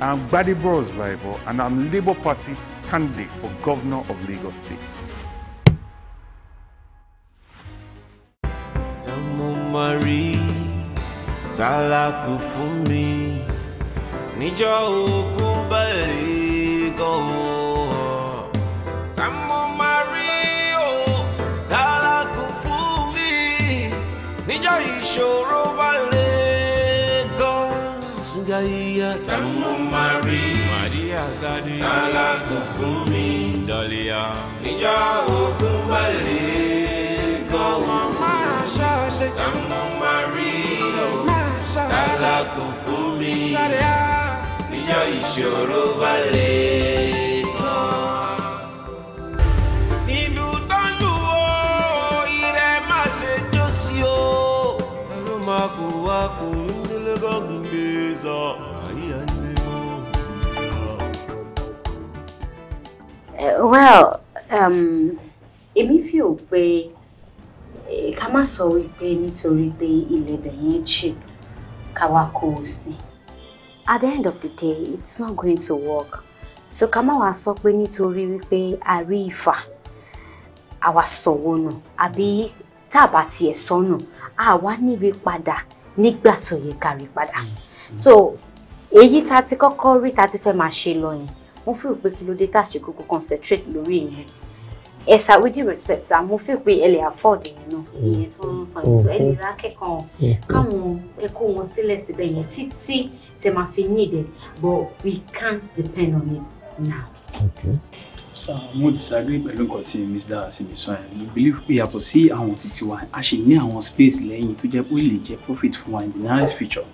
I'm Gbadebo rival, and I'm Labour Party candidate for Governor of Lagos State. tálákù fún mi níjọ́ ogun bá lè gan-an. la tún fún mi. dọ́líyà. níjọ́ ogun bá lè kọ́ wọn máa ṣọ́ọ̀ṣẹ́ tán mo máa rí lálá tún fún mi. níjọ́ ìṣòro bá well um, èmi fi ò pé ká má sọ wípé nítorí pé ilẹ̀ ibẹ̀ yẹn cheap ká wá kó o at the end of the day it's not going to work so ká má wàá sọ pé nítorí wípé a rí ìfà àwa sọ̀wọ́ nù àbí tá a bá tiẹ̀ sọnù àwa níbi padà nígbà tó yẹ ká rí padà mm-hmm. so èyí tá a ti kọ́kọ́ rí tá ti fẹ́ máa ṣe lọ yẹn mo feel pé kí ló dé tá a ṣe concentrate lórí ìyẹn ẹ sá with due respect sá mo feel pé ẹ lè afford ìyẹn náà mm. ìyẹn tó ń so yẹn tó ẹ lè ra akẹ́kọ̀ọ́ káwọn ẹ kó wọn sílẹ̀ síbẹ̀ yẹn títí tẹ máa fi need it but we can't depend on it now. Okay. So mo disagree pẹ̀lú nǹkan tí Mr. darasimi sọ yẹn mo believe pé yàtọ̀ sí àwọn títí wa a ṣì ní àwọn space lẹ́yìn tó jẹ́ pé ó lè jẹ́ profit fún wa in the nearest future.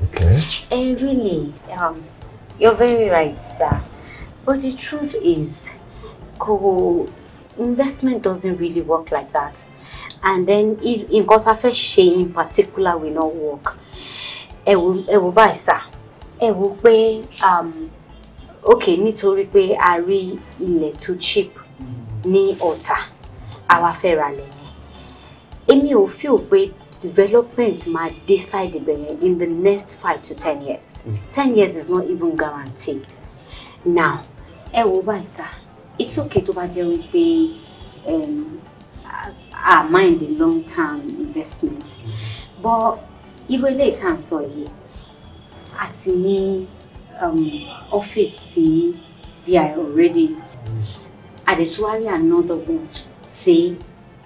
Okay. Eh, really, um, You're very right, sir. But the truth is, co investment doesn't really work like that. And then nǹkan tá a fẹ́ in particular will not work. Ẹ wò ẹ wò báyìí sir. Ẹ wò pé um, okay nítorí pé a rí ilẹ̀ tó cheap ni Ọ̀tà àwa fẹ́ ra lẹ̀ yẹn. Èmi feel pé development might decide side in the next five to ten years mm. ten years is not even guaranteed now ẹ wo it's okay to bá jẹ́ wípé um, mind the long term investment mm. but irú ilé ìtàn at yìí àti ní we um, are already mm. àdètúwárí another one sí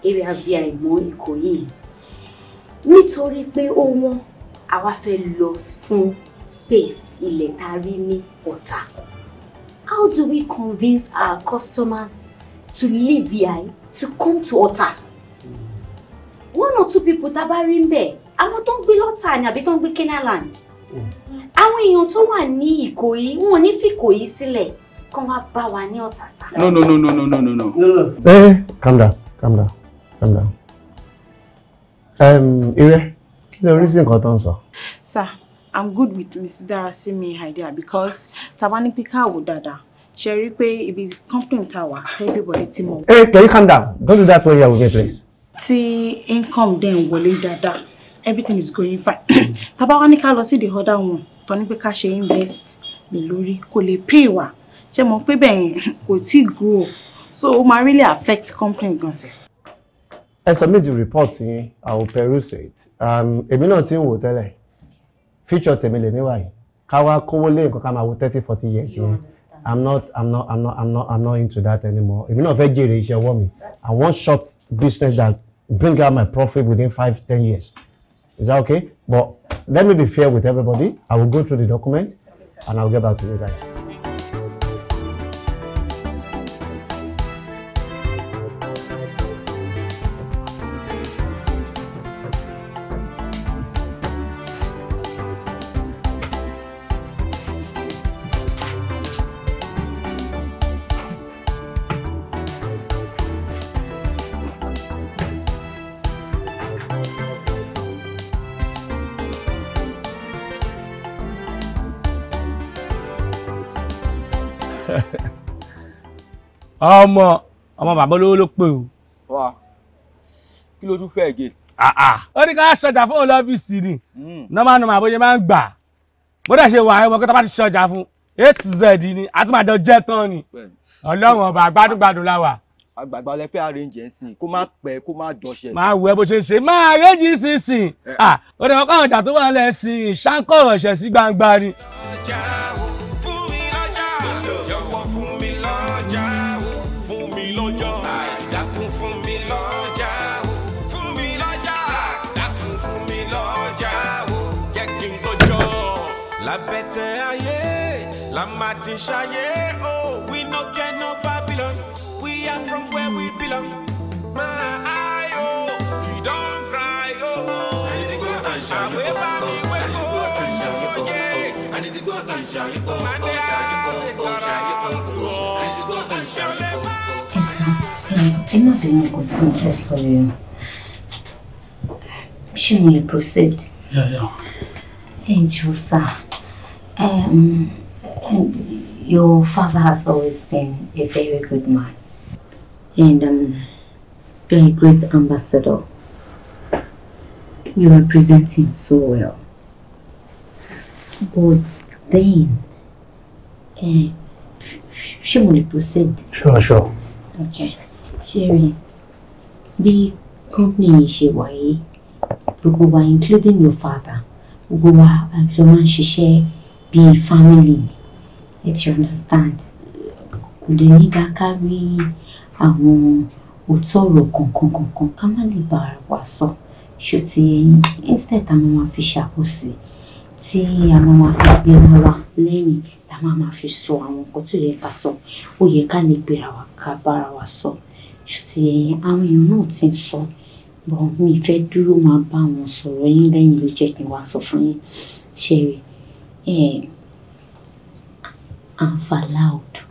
area vi mọ́ Ìkòyí yìí nítorí pé ó wọ́n àwa fẹ́ lọ fún space ilẹ̀ tá a rí ní ọ̀tà how do we convince our customers to leave here to come to ọ̀tà hmm. one or two people tá a bá rí ń bẹ̀ àwọn tó ń gbé lọ́tà ni àbí tó ń gbé kenaland hmm. àwọn èèyàn tó wà ní ìkòyí wọn ò ní fi ìkòyí sílẹ̀ kan wá bá wa ní ọ̀tà sá. no no no no no no no no. ẹ eh, calm down calm down calm down. Um, Ire, kí ló rí sí Sir, I'm good with Mrs. Darasimi idea because tàbá ní píkà wò dáadáa ṣe rí pé ibi company ta everybody ti mọ̀. Hey, can you calm down? Don't do that for you are with me, please. Tí income then wọlé dada. everything is going fine. Tàbá wá ní ká lọ the other one, tọ́ pika she ká ṣe invest lè lórí kò pay wa ṣe mọ̀ pé bẹ́ẹ̀ kò grow so ó really affect company gan ẹ submit the report yín I will peruse it um, èmi náà ti ń wò tẹ́lẹ̀ future tèmi lèmi wà yìí ká wá kówó lé nǹkan ká máa wo thirty forty years yẹn I'm not I'm not I'm not I'm not I'm not into that anymore èmi náà fẹ́ jèrè iṣẹ́ ọwọ́ mi I want short business that bring out my profit within five ten years is that okay but let me be fair with everybody I will go through the document and I will get back to you guys. Ah, ọmọ ọmọ bàbá olówó ló pè o. kí ló tún fẹ́ gé. Ah, ah. ó ní ká ṣọjà fún òun lọ́fíìsì ni hmm. normal normal bóyá máa ń gbà bó dẹ̀ ṣe wà ẹ̀wọ̀n kí tó bá ti ṣọjà fún eight z ni àtúmọ̀jọ jẹ́ tán ni ọlọ́run ọba gbádùngbádùn la wà àgbàgbà ọlẹ́fẹ́ arrange ẹ̀ sìn kó má pẹ́ kó má dọ̀ṣẹ̀. máa wẹ bó ṣe ṣe máa arrange sísìn eh. ó dẹ̀ wọ́n kọ́ àwọn ọjà tó wà lẹ́sìn ìṣàkọ̀rọ̀ṣẹ̀ sí gbangba ni. ọjà wo Lamati Shaye, oh, we no get no Babylon. We are from where we belong. My eye, oh, you don't cry, oh. I need to go and shine. I will buy me when go. I need to go and shine. Oh, oh, oh. I need to go and shine. Ẹ má bínú nǹkan tí mo fẹ́ sọ yẹn. Ṣé mo lè proceed? Ẹ jù sá. And your father has always been a very good man and um, very great ambassador. You represent him so well. But then, uh, ṣé mo lè proceed? Sure, sure. Okay. Sherry, bí company yìí ṣe wà yìí, gbogbo including your father, gbogbo wa àjọ máa ń ṣiṣẹ́ bíi family let you understand kò lè ní dáká rí àwọn òótọ́ ọ̀rọ̀ kankan kankan ká má lè bá ara wa sọ ṣó ti ẹyin instead a máa fi ṣàkóso tí a máa ma fi gbéra wa lẹ́yìn la máa ma fi sọ àwọn nǹkan tó yẹ ká sọ ó yẹ ká lè gbéra wa ká bára wa sọ ṣó ti ẹyin àwọn èèyàn náà ti ń sọ bọ́ mi fẹ́ dúró máa bá wọn sọ̀rọ̀ yín lẹ́yìn ló jẹ́ kí n wá sọ fún yín ṣe rí ẹ̀ẹ́. I'm for loud.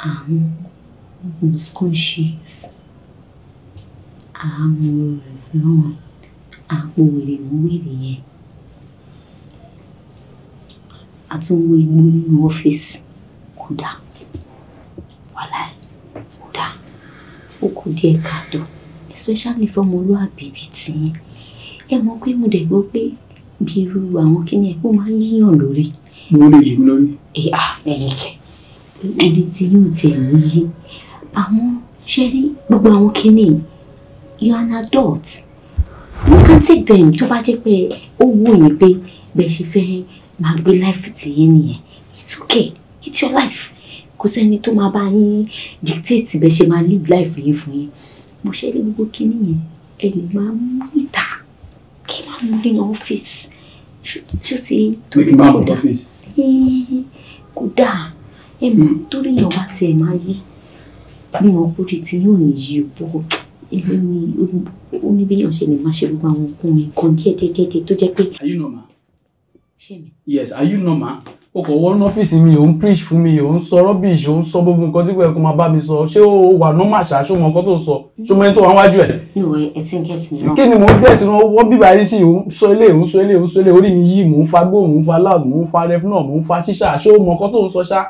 I'm conscious. I'm reflowing. Àpò wèrè mú wèrè yẹn. A tún wo igbó nínú ọ́fíìsì. Kò dáa. Wàhálà kò dáa. Ó kù díẹ̀ káàtó. Especially fọmọlúàbí ibi tìyẹn. Ẹ mọ̀ pé mo dẹ̀ gbọ́ pé bí irú àwọn kíni ẹ̀ ó máa ń yíyàn lórí mo lè yí mi lórí. ẹ à ẹ̀yin kẹ ibi tí yóò tiẹ̀ níyì àwọn ṣe rí gbogbo àwọn kinní you are an adult you can take them tó bá jẹ́ pé ó wù yín pé bẹ́ẹ̀ ṣe fẹ́ máa gbé life tìyẹn nìyẹn it's okay it's your life kò sẹ́ni tó máa bá yín dictate bẹ́ẹ̀ ṣe máa live life yìí fún yín mo ṣe rí gbogbo kinní yẹn ẹ lè máa mú ìta kí n máa mú nínú ọ́fíìsì ṣó ti torí kódà kò dáa ẹ mọ̀ hmm. torí èèyàn bá tiẹ̀ máa yí bí wọn kó di ti yóò ní yí o èmi ni ó ní béèyàn ṣe lè máa ṣe gbogbo àwọn nǹkan mi kan díẹ̀ díẹ̀ díẹ̀ tó jẹ́ pé. are you normal? yes are you normal? o kò wọ́n ọ́fíìsì mi ò ń preach fún mi ò ń sọ rubbish ò ń sọ gbogbo nǹkan tí kò yẹ kó máa bá mi sọ ṣé o wà normal ṣá ṣó mọ nǹkan tó sọ ṣó mọ ẹni tó wà wájú ẹ. ìwé ẹtí ń kẹ́tì náà. kí ni mò ń bẹ̀rẹ̀ sí wọ́n bíbá yìí sí ò ń sọ ilé ò ń sọ ilé ń sọ ilé orí mi yìí mò ń fa gbó mò ń fa loud mò ń fa ref mò ń fa ṣíṣà ṣó mọ nǹkan tó ń sọ ṣá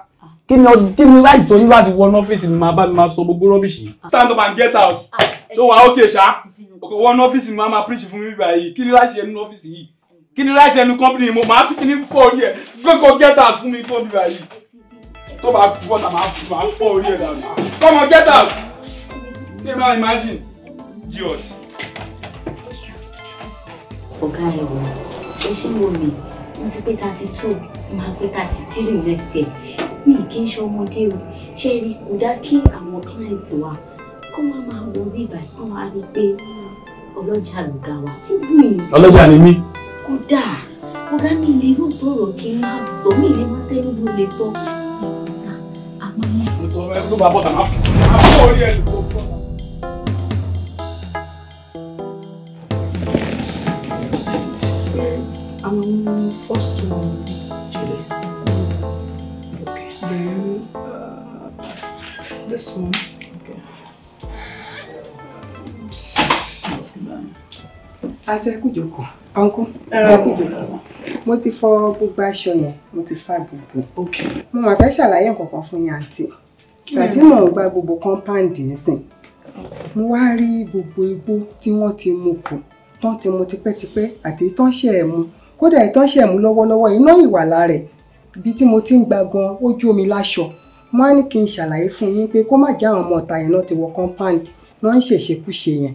kí ni kí ni láì tó yín láti wọ ọ́fíìsì mi máa bá mi máa sọ gbogbo rubbish yìí. stand up and get out ah, ṣó wà ókè ṣá wọ ọ́fíìsì mi máa máa preach fún mi bíbá yìí kí ni láti ẹnu ọ́fíìsì yìí kí ni láti ẹnu company mo máa fi kíní fọ́ orí ẹ̀ gbẹ́kọ̀ gẹ́tà fún mi kó bíra yìí tó bá fún ọ̀tà máa fọ́ orí ẹ̀ dànù kọ́mọ gẹ́tà kí ni imagine jesus. ọ̀gá ẹ̀rọ ẹ ṣé wo mi wọ́n ti pé thirty two máa pé thirty three next year mi kì í ṣọmọdé o ṣe rí kò dá kí àwọn clients wa kó wọ́n máa wo bíbá kó wọ́n á rí i pé ọlọ́jà lùgá wa. ọlọ́jà ni mí kódà kódà mi lè rú tọrọ kí n máa sọ mi lè má tẹnu ló lè sọ ìgbọ̀nsá àpamọ́. first to Okay. Then uh, this one. àǹtí ẹkú ìjókòó ọ̀nkú ẹkú ìjókòó mo ti fọ gbogbo aṣọ yẹn mo ti sá gbogbo mo mà fẹ́ ṣàlàyé nǹkan kan fún yín àǹtí àti mò ń gba gbogbo kọ́ńpáǹdì nísìn mo wá rí gbogbo igbó tí wọ́n ti mú kù tán ti mu tipẹ́tipẹ́ àti tán ṣe é mu kódà ìtàn ṣe é mu lọ́wọ́lọ́wọ́ iná ìwàlá rẹ̀ ibi tí mo ti ń gba gan ojú omi láṣọ mo á ní kí n ṣàlàyé fún yín pé kó má jẹ́ àwọn ọmọ ọ̀tá yẹn náà ti wọ kọ́ńpáǹdì wọ́n ń ṣèṣekúṣe yẹn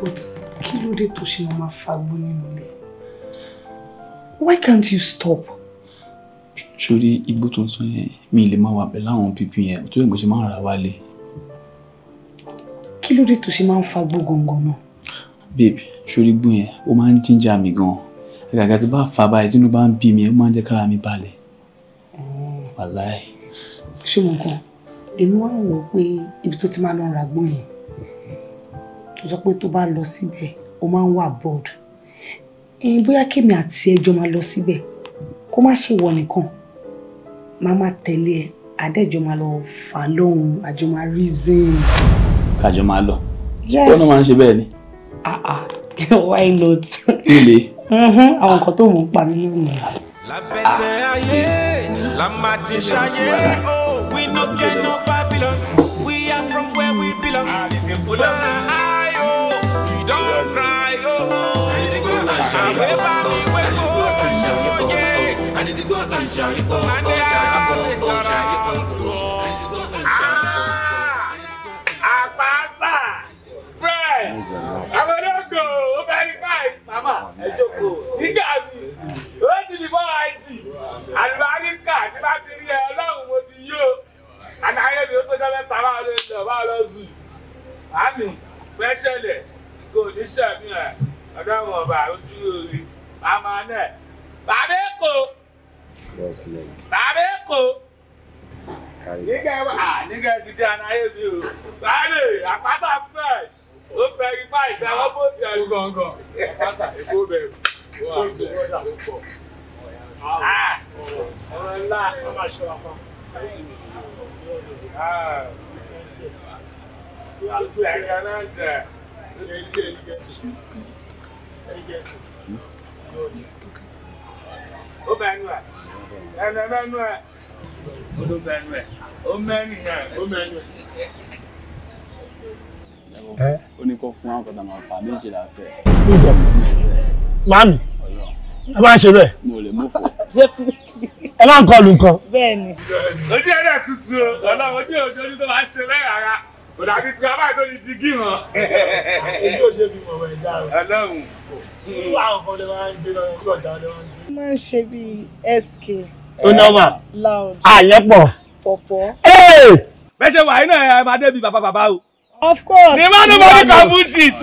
but kí ló dé tó ṣe máa why can't you stop. sórí igbó tuntun yẹn mi lè máa wà pẹ̀lú àwọn pípín yẹn tó yẹ kó ṣe máa ra wálé. kí ló dé babe sórí igbó yẹn ó máa ń jíjà mi gan-an àgàgà tí bá fà báyìí tínú bá ń bí mi ẹ máa ń jẹ́ kára mi balẹ̀. Hmm. wàláì. ṣùgbọ́n kan èmi wá ń wò ó pé ibi tó ti tó sọ pé tó bá lọ síbẹ̀ ó máa ń wà bored ẹ̀yin bóyá kémi àti ẹjọ́ máa lọ síbẹ̀ kó má ṣe wọ nìkan má má tẹ̀lé ẹ àdẹ́jọ́ máa lọ fà lóhun àjọ máa reason. kájọ máa lọ yes wọn náà máa ń ṣe bẹ́ẹ̀ ni. ah ah why not. ilé. Mm-hmm. àwọn nǹkan tó mọ̀ ń pa mí lónìí. lábẹ́tẹ̀ ayé la máa ti ṣayé o oh, we no get no Babylon we are from where we belong. àlè fi kú lọ́nà. Ẹ bá mi wé kó yé. Àdìdìgbò kan ṣàyípo, ó ṣàyípo, ó ṣàyípo. Àpáṣà fresh. Àwọn ológo ó fẹ́ rí báyìí. Màmá ẹ jókòó. Nígbà mi, ó ti di fọ́ àìtì. Àlùbáríkà tí bá ti rí ẹ ọlọ́run mo ti yó. Àdáyé mi ó tó jẹ́ mẹ́ta báwo ló ń lọ báwo lọ zù. Àmì pẹ́ṣẹ̀lẹ̀ kò ní ṣẹ̀mí ẹ̀ ọlọ́run ọba ojú orí màmá náà bàbá èkó bàbá èkó nígbà wà nígbà ti di anáyé mi o sáré àpáṣà fresh ó fẹ́rí báyìí sẹ́wọ́n bó di ẹ̀rù gọ̀ǹgọ̀ àpáṣà èkó bẹ̀rù ó bẹ̀rù ah. ọmọ ńlá ọmọ àṣọ àpá Alexander, ó bá nù à ẹnu bá nù à ó ló bá nù à ó ẹ máa ń ṣe bẹ́ẹ̀. Mo lè mú fún ọ. Ẹ máa ń kọlu nǹkan. Bẹ́ẹ̀ni. Ojú ẹ̀rọ tuntun ọlọ́run ojú ojú tó máa ń ṣe bẹ́ẹ̀ rárá òdà àti tí a báyìí tó di gí hàn. èmi ò ṣe fi mọ̀ wẹ̀ dáa. ọlọ́run. irú àwọn kan lè máa ń gbé lọ ojú ọ̀dà lè máa ń gbé. ó máa ń ṣe bíi sk. ó náà wà. loud. àyẹ̀pọ̀. Ah, pọ̀pọ̀. ṣe wà yín ẹ máa débi bàbá bàbá o. of course. ní má ló máa ní kan bullshit.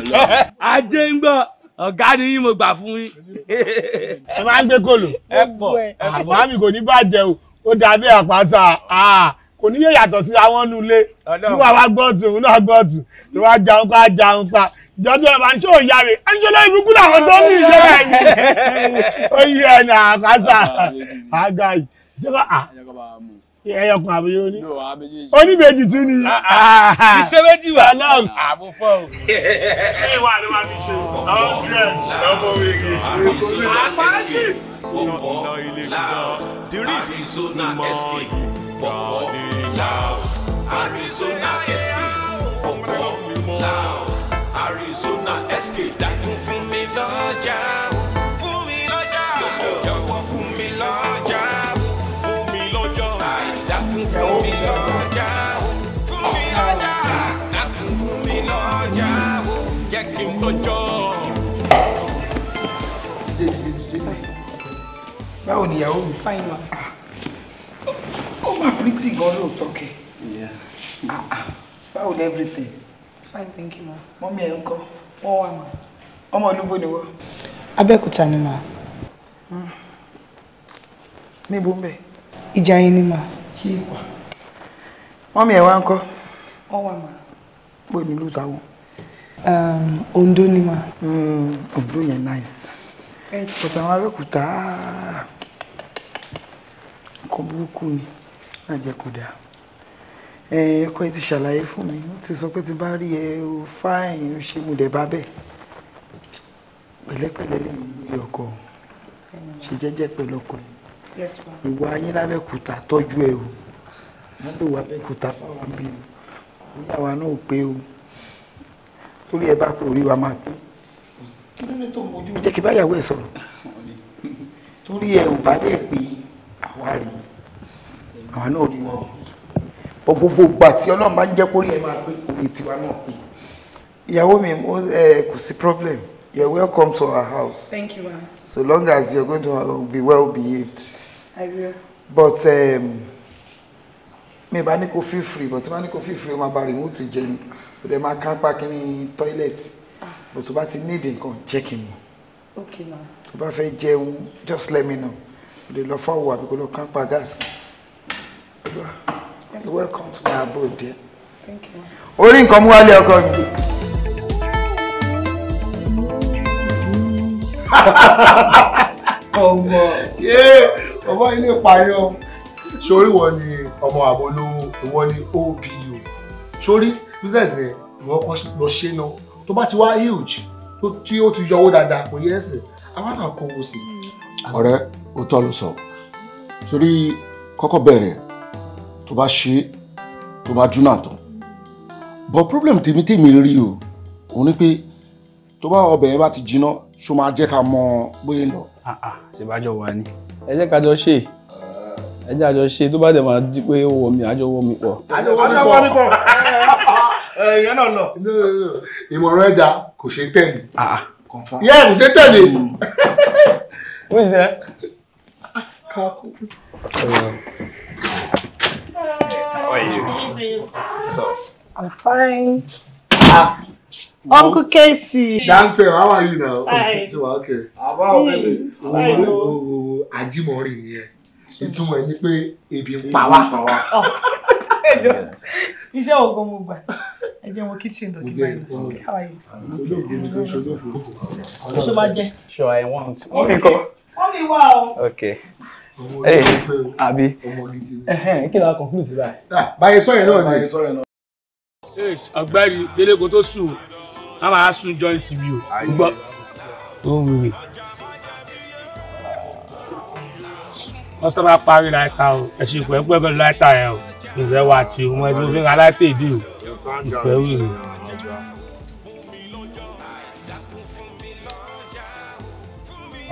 ajé ń gbọ́ ọ̀gá ni yín mo gbà fún yín. ẹ máa ń gbé kòlò. ẹ pọ̀ àmọ́ àmì kò ní bàjẹ́ o ó dàbí àpáta. Ah! kò ní yé yàtọ̀ sí àwọn nulẹ̀ ní wàá wá gbọ́tù òun náà gbọ́tù ló wá jaun pa jaun pa jọjọ ẹ máa ń ṣe òyàrá ẹni ṣe lóyún ibùkún làwọn tó ní ìjọba ẹni ó yí ẹni àkásà àga yìí jọba à ẹyọkùn àbúyọ ní oníbejì tún ni. ìṣèwéjì wà lọ́ọ̀nù. àbò fọ́ o. ṣé ìwà ló máa fi ṣe hundred lọ́fọ̀ wege. àpáàtì. ọ̀pọ̀ láàrin sọ́nà ẹ̀sìn pọ̀pọ̀ loud. Arizona SK, ọ̀pọ̀ loud. Arizona SK, dákun fún mi lọ́jà o. Fún mi lọ́jà o. Jọ̀wọ́ fún mi lọ́jà o. Fún mi lọ́jà o. Àìsàkùn fún mi lọ́jà o. Fún mi lọ́jà o. Dákun fún mi lọ́jà o. Jẹ́ kí n lọ́jọ́. Báwo ni ìyàwó mi? Fáìnì wa. pretty gan ah ah Gbaa ụlọ everything. fine thank you ma. mọ́mí ẹ̀ ma. ọmọ ni wọ́n. abẹ́òkúta ni ma. Hmm. ni ma. mọ́mí ẹ̀ wá ń kọ́. wọ́n wà um, ni ma. Hmm, Ondo nice. Ah, ni. má jẹ́ kó dáa ẹ ẹkọ ẹ ti ṣàlàyé fún mi ó ti sọ pé ti bá rí ẹ o fáìn o ṣe mo bá bẹ̀ pẹ̀lẹ́pẹ̀lẹ́ lè mú ọkọ ṣe jẹ́jẹ́ pẹ̀lú ọkọ ìwà ayé lábẹ́kúta tọ́jú ẹ o wọ́n lè wà lábẹ́kúta fáwọn bíi o ìyá wa náà ò pé o torí ẹ bá pé orí wa máa pé kí ló dé ẹ sọ̀rọ̀ torí ẹ ò bá dẹ̀ pé àwa rèé àwọn náà rí wọn bọ gbogbo ìgbà tí ọlọ́run bá ń jẹ́ kórìí ẹ̀ máa pé orí tiwa náà pé ìyàwó mi kò sí problem you are welcome to our house thank you ma'am. so long as you are going to uh, be well behaved i will but um, mi bá ní kó feel free but má ní kó feel free ó máa bá remote jẹ ni ó dẹ̀ máa kápá kí ni toilet ah. but tó bá ti need nǹkan jẹ́ kí n mọ̀ okay ma'am. tó bá fẹ́ jẹun just let me know ó dẹ̀ lọ fọwọ́ àbí lọ kápá gas. Yes. Welcome to my abode. Thank you. Orí nǹkan mú wálé ọkọ mi. Ọmọ ọmọ ilé payọ. Sori wọ ni ọmọ àbọ̀ lówó ìwọ ni OBO. Sori business yẹn ìwọ kọ́ lọ ṣe náà tó bá ti wá huge tí ó ti yọwó dáadáa kò yẹ ẹsẹ̀ àwọn náà kọ́ owó sí. Ọ̀rẹ́ òótọ́ ló sọ. Sori kọ́kọ́ bẹ̀rẹ̀ tó bá ṣe tó bá dúnà tán but problem tèmi tèmi rí o òun ni pé tó bá ọbẹ̀ yẹn bá ti jiná ṣó máa jẹ́ ká mọ bóyá lọ. Ah, ah, ṣèbájọ wà ní ẹ jẹ́ ká jọ ṣe ẹ jẹ́ àjọ ṣe tó bá dẹ̀ máa di pé ó wọ mi àjọ wọ mi pọ̀. àjọ wọ mi pọ̀ ẹ̀yẹ́ eh, náà lọ. ìmọ̀ràn ẹja kò ṣe tẹ̀lé. Ah, yẹ kò ṣe tẹ̀lé. Mm. wíṣẹ́. How are you? So. I'm fine. Ah. Uncle Casey. Damn, sir, how are you now? Hi. okay. About you? Oh, oh, oh, oh, Ajimori ni ẹ. Ìtumọ̀ ẹ̀ ni pé ebi ń pa wá. Oh. Iṣẹ́ ògùn mo gbà. Ẹ jẹ́ kitchen How are you? Olóògùn mi tó ṣe olóògùn. Oṣù Sure, I want. Okay. mi kọ́. Okay àbí kí ló wá conclude sí báyìí. Ah, báyìí sọ̀rọ̀ náà ni báyìí sọ̀rọ̀ náà. ọ̀gbẹ́ni délégò tó sùn a máa sùn joint mi o gbọ́ tó ń wèrè. wọ́n tó bá parí láìka o ẹ̀sìn ìpẹ́ pẹ́ẹ́kọ́ láìka yẹn o ìfẹ́ wa ti o mọ ẹgbẹ́ obìnrin aláìpẹ́ ìdí o ìfẹ́ wèrè.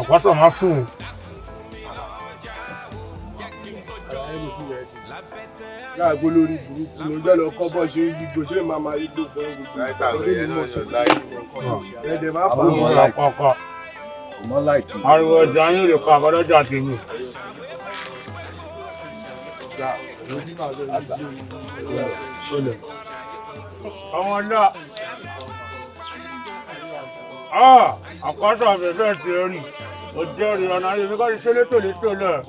ọ̀pọ̀ sọ̀ máa fún un. láàgbó lórí burúkú lọ́jọ́ lọ kọ́ bọ́ ṣe yí gbòṣe máa máa yí gbòṣe ń gbòṣe. láìta rẹ̀ yẹn náà yọ̀ láì ẹ̀dẹ̀ máa fọ́ mọ́ láìtì. mọ́ láìtì. ariwo ọmọ náà àkọ́sọ̀ mi fẹ́ẹ̀ ti rí òjò ìrànà yìí mi kọ́ ti ṣe létòlétò náà.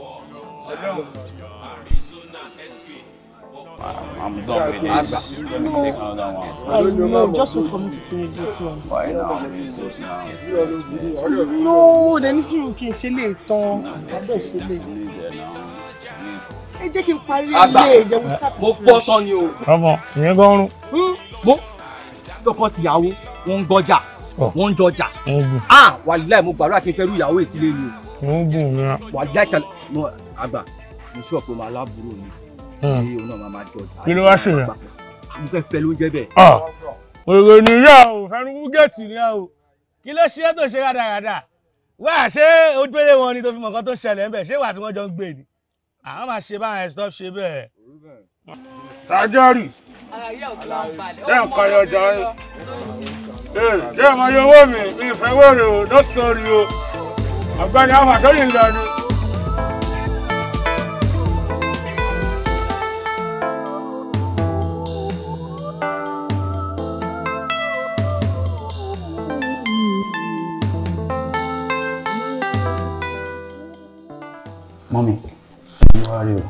I'm done with this. No, I know, just wait for me to finish this one. Why now? Finish this now. No, then this one kì í ṣe lè tán. Abẹ́ ṣe lè. Ẹ jẹ́ kí n parí ilé ìyẹ̀wò start. Mo fọ́ tán ni o. Ọmọ ìyẹn gan rún. Hmm? Mo lọ́kọ̀ tìyàwó, wọ́n ń gbọ́jà, oh. wọ́n ń jọjà. Ah, wàlíláì mo gbàdúrà kí n fẹ́ rú ìyàwó ìsílẹ̀ ni o. Wọ́n gùn mí. Wàlíláì kan àgbà, mo sọ pé màá lábúrò ni. Hmm. tí kí ló wá ṣe yẹn. mo fẹ́ fẹ́ lóúnjẹ bẹ́ẹ̀. Ah, òwe ni yá o fẹnukú gẹ̀ẹ́tì ni yá o kí ló ṣe é tó ṣe rádaràda wá ṣé ojúlé wọn ni tó fi mọ̀ nǹkan tó ṣẹlẹ̀ ńbẹ̀ ṣé wà tí wọ́n jọ ń gbé ni àwọn máa ṣe báyẹn stop ṣe bẹ́ẹ̀. sájọ́rì bẹ́ẹ̀ kan yọ ọjà yín ṣé ọmọ yọ mi ìfẹ́ wọ́ọ̀rẹ̀ o lọ́sọ̀rì o ọ̀gbẹ́ni àwọn àtọ́yìn lọ́nu. mọ́mí mo wá rí o.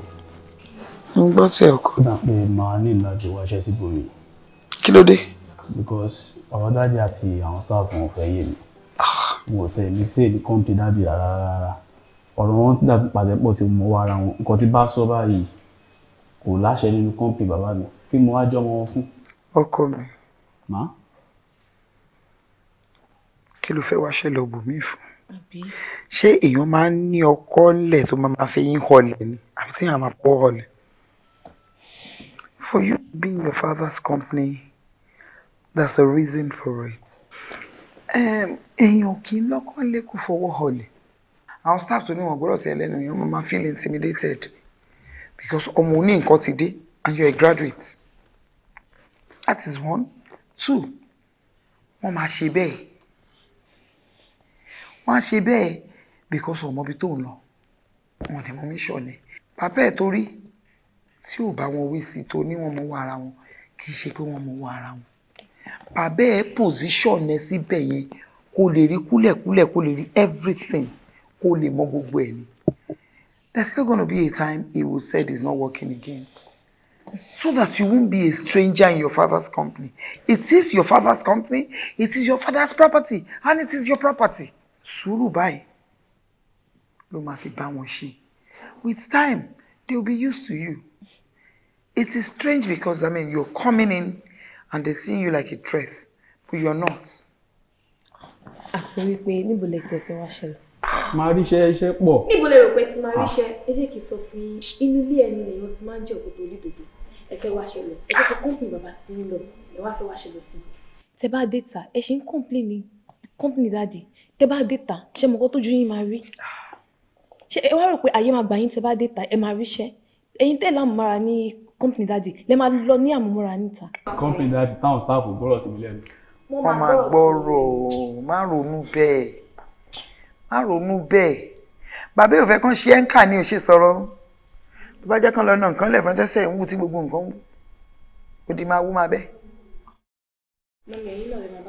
mo gbọ́ tí ẹ kọ. ó dà pé màá ní láti wáṣẹ́ síbòmí. kí ló dé. because ọ̀rọ̀ dájú àti àwọn staff wọn fẹ́ yé mi. mo ah. ò tẹ̀ mí sí èdè kọ́ńpì dábì rárá rárá ọ̀rọ̀ wọn dàbí pàtẹ́pọ̀ tí mo wá ara wọn nǹkan tí bá sọ báyìí kò láṣẹ nínú kọ́ńpì bàbá mi kí mo wá jọmọ wọn fún. ọkọ mi. màá. kí ló fẹ́ wáṣẹ́ lọ bùnmí fún ṣé èèyàn máa ń ní ọkọ́ lẹ̀ tó máa máa yín họlẹ̀ ni àbí tí èèyàn máa fọwọ́ họlẹ̀. For you being your father's company, that's a reason for it. Èèyàn kì í lọ́kọ́ lé kó fọwọ́ họlẹ̀. Àwọn staff tó ní wọn gbọ́dọ̀ sí ẹlẹ́nu yẹn wọ́n máa feel intimidated because ọmọ oní nǹkan ti dé and you're a graduate. That is one. Two, wọ́n máa ṣe bẹ́ẹ̀ má ṣe bẹ́ẹ̀ because ọmọ ibi tó ń lọ wọn ni mo ń ṣọ̀lẹ̀ bàbá ẹ̀ torí tí ò bá wọn wí sí i tó ní wọn mọ wọ ara wọn kì í ṣe pé wọn mọ wọ ara wọn bàbá ẹ̀ position ẹ síbẹ̀ yẹn kó lè rí kúlẹ̀kúlẹ̀ kó lè rí everything kó lè mọ gbogbo ẹ̀ ni there's still gonna be a time he will say it's not working again so that you won't be a stranger in your father's company. It is your father's company, it is your father's property, and it is your property sùúrù báyìí ló máa fi bá wọn ṣe with time they will be used to you it is strange because i mean you're coming in and they see you like a threat but you're not. àti wípé níbo lè ti ẹ̀fẹ́ wá ṣẹlẹ̀. máa ríṣẹ́ iṣẹ́ pọ̀. níbo lè rò pé ti máa ríṣẹ́ ah. ẹ jẹ́ kí n sọ fún yín inú ilé ẹni lèyàn ti máa ń jẹ́ òkúta onídòdó ẹ̀fẹ́ wá ṣẹlẹ̀ ẹ jẹ́ kí bàbá ti ń lọ ẹ wá fẹ́ wá ṣẹlẹ̀ sí i. tẹ bá dé ta ẹ ṣe ń kọ́ńpì ní kọ́ńpì dáàdì tẹ bá dé ta ṣé mo kọ́ tójú yín máa rí ṣé ẹ wá rò pé ayé máa gbà yín tẹ bá dé ta ẹ máa ríṣẹ́ ẹ̀yin tẹ̀ lámùmára ní company dadi lẹ máa lọ ní àmúmúra níta. company dadi táwọn staff gbọ́rọ̀ sí mi lẹ́nu. wọ́n máa gbọ́rọ̀ má ronú bẹ́ẹ̀ má ronú bẹ́ẹ̀ bàbá yóò fẹ́ kán ṣe ẹ́ńkà ni ò ṣe sọ̀rọ̀ tó bá jẹ́ kán lọ náà nǹkan lẹ̀ fún tẹ́sẹ̀ ń wù tí gbogbo nǹkan wù di máa wú máa bẹ́ẹ̀. mọ̀mí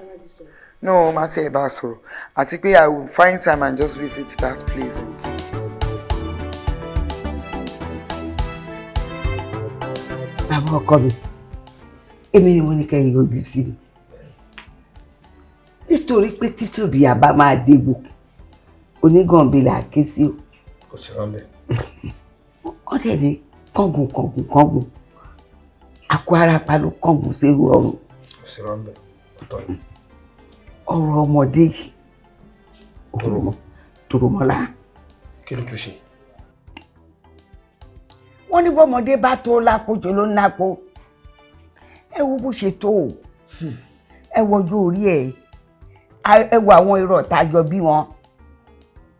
no matter, tiẹ̀ bá a sọ̀rọ̀ i will find time and just visit that place with. bàbá ọkọ mi èmi ni mo ní kẹ́ mi nítorí pé títòbí àbá máa dégbò onígànbìlà ké sí o. kò sí rán bẹ́ẹ̀. wọ́n dẹ̀ ní kọ̀ngùn kọ̀ngùn kọ̀ngùn àkó ara pa ló kọ̀ngùn sí ìwọ̀rùn. kò sí rán bẹ́ẹ̀ ọ̀tọ̀ ni ọ̀rọ̀ ọmọdé yìí tòròmọ́ tòròmọ́lá. kí ló tún ṣe. wọ́n ní bọ́mọdé bá tó lápòjò ló ń lápò ẹ wo bó ṣe tó o hmm. ẹ wọjú orí ẹ ẹ wo àwọn irọ́ tàjọ bí wọn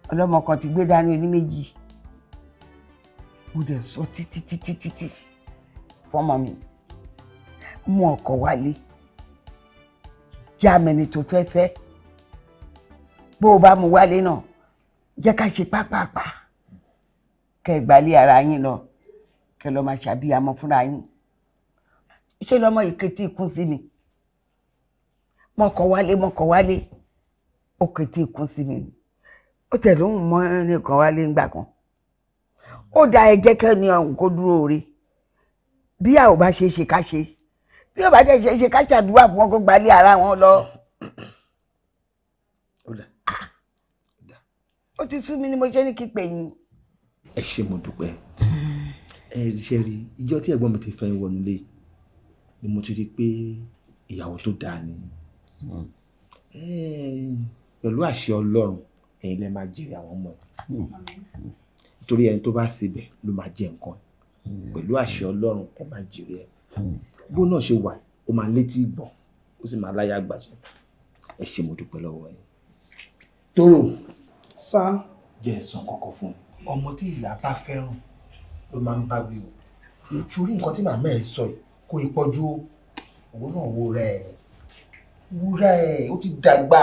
ọlọ́mọ kan ti gbé dání oní méjì mo dẹ̀ sọ títí títí títí fọmọ mi mú ọkọ̀ wálé yá mẹni tó fẹ́ fẹ́ bó o bá mu wálé náà jẹ́ ká ṣe pápápá kẹ́ ẹ gbalẹ̀ ara yín lọ kẹ́ lọ́ọ́ máa ṣàbíyamọ fúnra yín ṣé lọ́mọ ìkẹtì ikún sí mi mọ́kọ wálé mọ́kọ wálé ó kẹtì ikún sí mi ó tẹ̀lé òun mọ́ nìkan wálé ńgbà kan ó da ẹ jẹ́ kẹ́ni ọ̀hún kó dúró re bí a bá ṣe ṣe ká ṣe bí ó bá dẹ̀ ṣe ṣe ká ṣàdúrà fún wọn kó gbalé ara wọn lọ. ó ti sú mi ni mo ṣe ní kí pè yín. ẹ ṣe mo dúpẹ́ ẹ ṣe rí ìjọ tí ẹ̀gbọ́n mi ti fẹ́ wọnú lé ni mo ti rí i pé ìyàwó tó dáa ni pẹ̀lú àṣẹ ọlọ́run ẹ̀yin lè máa jèrè àwọn ọmọ ẹ̀ nítorí ẹni tó bá síbẹ̀ ló máa jẹ nǹkan pẹ̀lú àṣẹ ọlọ́run ẹ máa jèrè ẹ̀ bó náà ṣe wà ó máa létí ìgbọ̀n ó sì máa láyà gbàsọ ẹ ṣé mo dúpẹ́ lọ́wọ́ yín. tóró sá jẹ́ ẹ̀sán kọ̀ọ̀kan fún un ọmọ tí ìyá bá fẹ́ràn ló máa ń bá wí o nítorí nǹkan tí màmá ẹ̀ sọ yìí kó ìpọ́jú òun náà wúra ẹ̀ wúra ẹ̀ ó ti dàgbà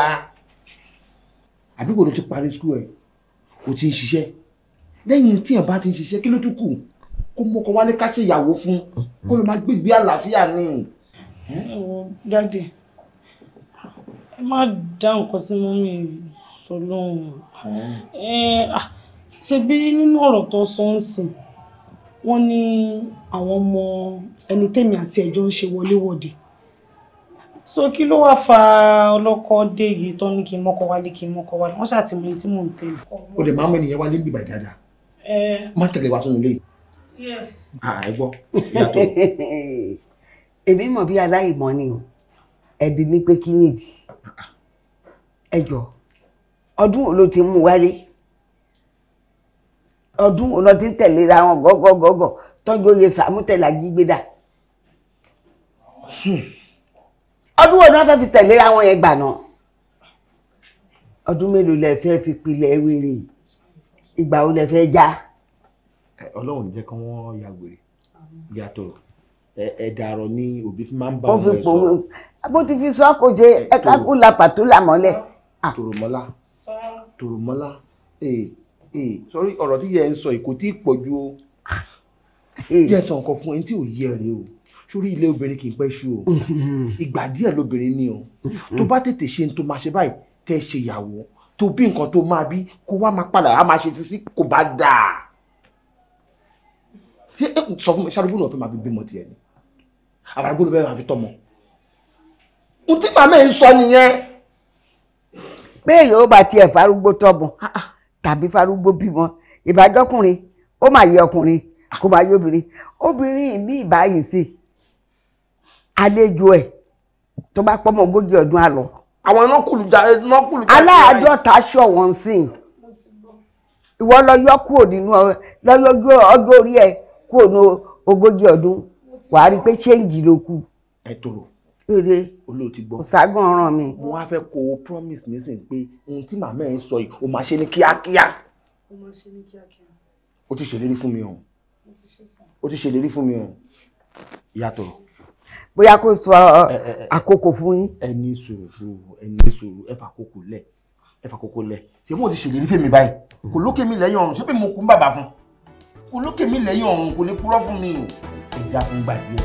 àbí kò ló ti parí skul ẹ̀ kò ti ń ṣiṣẹ́ lẹ́yìn bá ti ń kí ló tún kù kó mọ́kọ wálé ká ṣe ìyàwó fún kó ló máa gbégbé àlàáfíà ni. ẹ wo dáàdì ẹ má dá nǹkan tí mo mi sọ lóhùn ṣe bí nínú ọ̀rọ̀ tó sọ ń sìn wọ́n ní àwọn ọmọ ẹni tèmi àti ẹ̀jọ́ ń ṣe wọléwọ̀de so kí ló wáá fa ọlọ́kọ dé yìí tó ní kí n mọ́kọ wálé kí n mọ́kọ wálé wọ́n ṣàtìmọ́ tí mò ń tẹ̀lé. o lè máa mọ ènìyàn wálé bíbá dáadáa má tẹ̀lé wa sínú ilé yìí. Yes. ẹ gbọ́ yàtọ̀. èmi mọ̀ bí aláìmọ̀ ni o ẹbí mi pé kí nìdí ẹ jọ ọdún wo ló ti mú wálé ọdún wo ló ti ń tẹ̀léra wọn gọ́gọ́gọ́gọ́ tọ́jú oyè sàmútẹ̀lá gbígbéda hmm. ọdún wo náà fẹ́ fi tẹ̀léra wọn yẹn gbà náà ọdún mélòó lẹ fẹ́ fi pilẹ̀ wèrè ìgbà wo lẹ fẹ́ já. Ja ọlọ́run jẹ́ kí wọ́n ya wèrè yàtọ̀ ẹ̀dà àrọ̀ ni òbí fi máa ń bá wọn sọ. bó ti fi sọ kò jẹ ẹka kú la pàtó là mọ́lẹ̀. tòròmọ́lá tòròmọ́lá sọrí ọ̀rọ̀ tí yẹ ń sọ èkó tí pọ̀ o yẹ sọ nǹkan fún ẹni tí ò yẹ rèé o sórí ilé obìnrin kì í pẹ́ ṣú o mm-hmm. ìgbà díẹ̀ lóbìnrin ni o mm-hmm. tó bá tètè ṣe tó máa ṣe báyìí tẹ́ ṣe ìyàwó tó bí nǹkan tó máa bí kó wá máa padà á máa ṣe sísí kò bá dáa ṣé sọ fún mi ṣàdúgbò náà fẹ́ máa fi bímọ tiẹ̀ ni àbàràgbò ló fẹ́ máa fi tọ́mọ ohun tí màmá yìí sọ nìyẹn. pé yóò bá tiẹ̀ farúgbó tọ́mọ ah, ah, tàbí farúgbó bímọ ìbájọ́kùnrin ó máa yẹ ọkùnrin kó máa yẹ obìnrin obìnrin mi ìbáyìí sí àlejò ẹ̀ tó bá pọ́mọ ogójì ọdún àlọ́. àwọn nọ́kùlù jà nọ́kùlù jà. aláàdọ́ta ṣọ̀wọ́n sí ìwọ lọ yọ kúrò nínú lọ yọjú ọjọ́ orí ẹ kúrò ní ogójì ọdún wàá rí i pé ṣéǹjì ló kù. ẹ tòrò rere olóòtìgbọ́ ọ̀ràn mi. mo wá fẹ́ kó o promise mi sìn pé ohun tí màmá ẹ̀ ń sọ yìí o máa ṣe ní kíákíá. o máa ṣe ní kíákíá. o ti ṣèlérí fún mi o o ti ṣèlérí fún mi o ìyá tòrò bóyá kó sọ àkókò fún yín. ẹ ní sùúrù fún ẹ ní sùúrù ẹ fàkókò lẹ ẹ fàkókò lẹ ṣé mo ti ṣèlérí fèmí báyìí kò lókè mi lẹ́yìn ọrùn ṣé pé mo kún bàbá fún olókè mi lẹ́yìn ọ̀run kò lè purọ́ fún mi o ẹja fún gbà díẹ̀.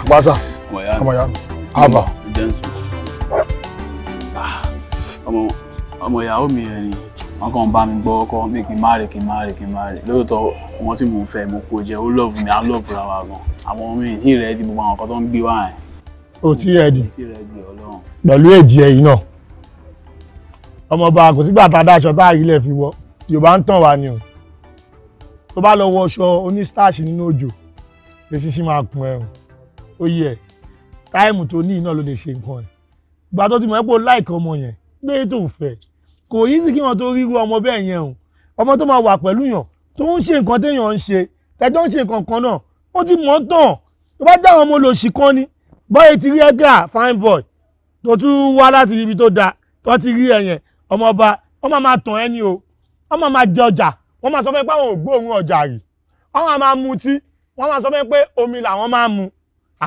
àgbàsà ọmọya àbà. Ah, ọmọ ìyàwó mi rẹ ni wọn kàn bá mi gbọ́ ọkọ mi kì í má rè kì í má rè kì í má rè lóòótọ́ wọn sì mò ń fẹ́ mo kó jẹ ó lọ́ọ̀fù mi á lọ́ọ̀fù ra wa gan àwọn ọmọ mi sì rẹ ti gbogbo àwọn kan tó ń gbé wá yẹn o ti rẹ̀dì pẹ̀lú èjì ẹ̀yìn náà ọmọọba kò sígbà tá a dá aṣọ tá a rí ilẹ̀ fi wọ yorùbá ń tàn wá ni o tó bá lọ wọ aṣọ oní starch nínú òjò eṣinṣin máa kun ẹ̀hún ó yẹ táìmù tó ní iná ló lè ṣe nǹkan ẹ̀ ìgbà tó ti mọ̀ ẹ́ pé ó láìka ọmọ yẹn gbé tó ń fẹ́ kò yí sí kí wọ́n tó ríru ọmọ bẹ́ẹ̀ yẹn o ọmọ tó máa wà pẹ̀lú yàn tó ń ṣe nǹkan téèyàn ń ṣe tẹ́jọ́ ń ṣe nǹkan kan náà ó ti mọ̀ tán tó bá dáhùn ọmọ lòṣì kan ni bọ́yì ti rí ẹgà fine boy tó tún wá láti ibi tó da tó ti rí ẹ̀yẹn ọmọọba wọ́n máa máa tàn ẹni o wọ́n máa máa jẹ ọjà wọ́n máa sọ fẹ́ pé àwọn ò gbóòórùn ọjà rì wọ́n máa máa mutí wọ́n máa sọ fẹ́ pé omi làwọn máa mu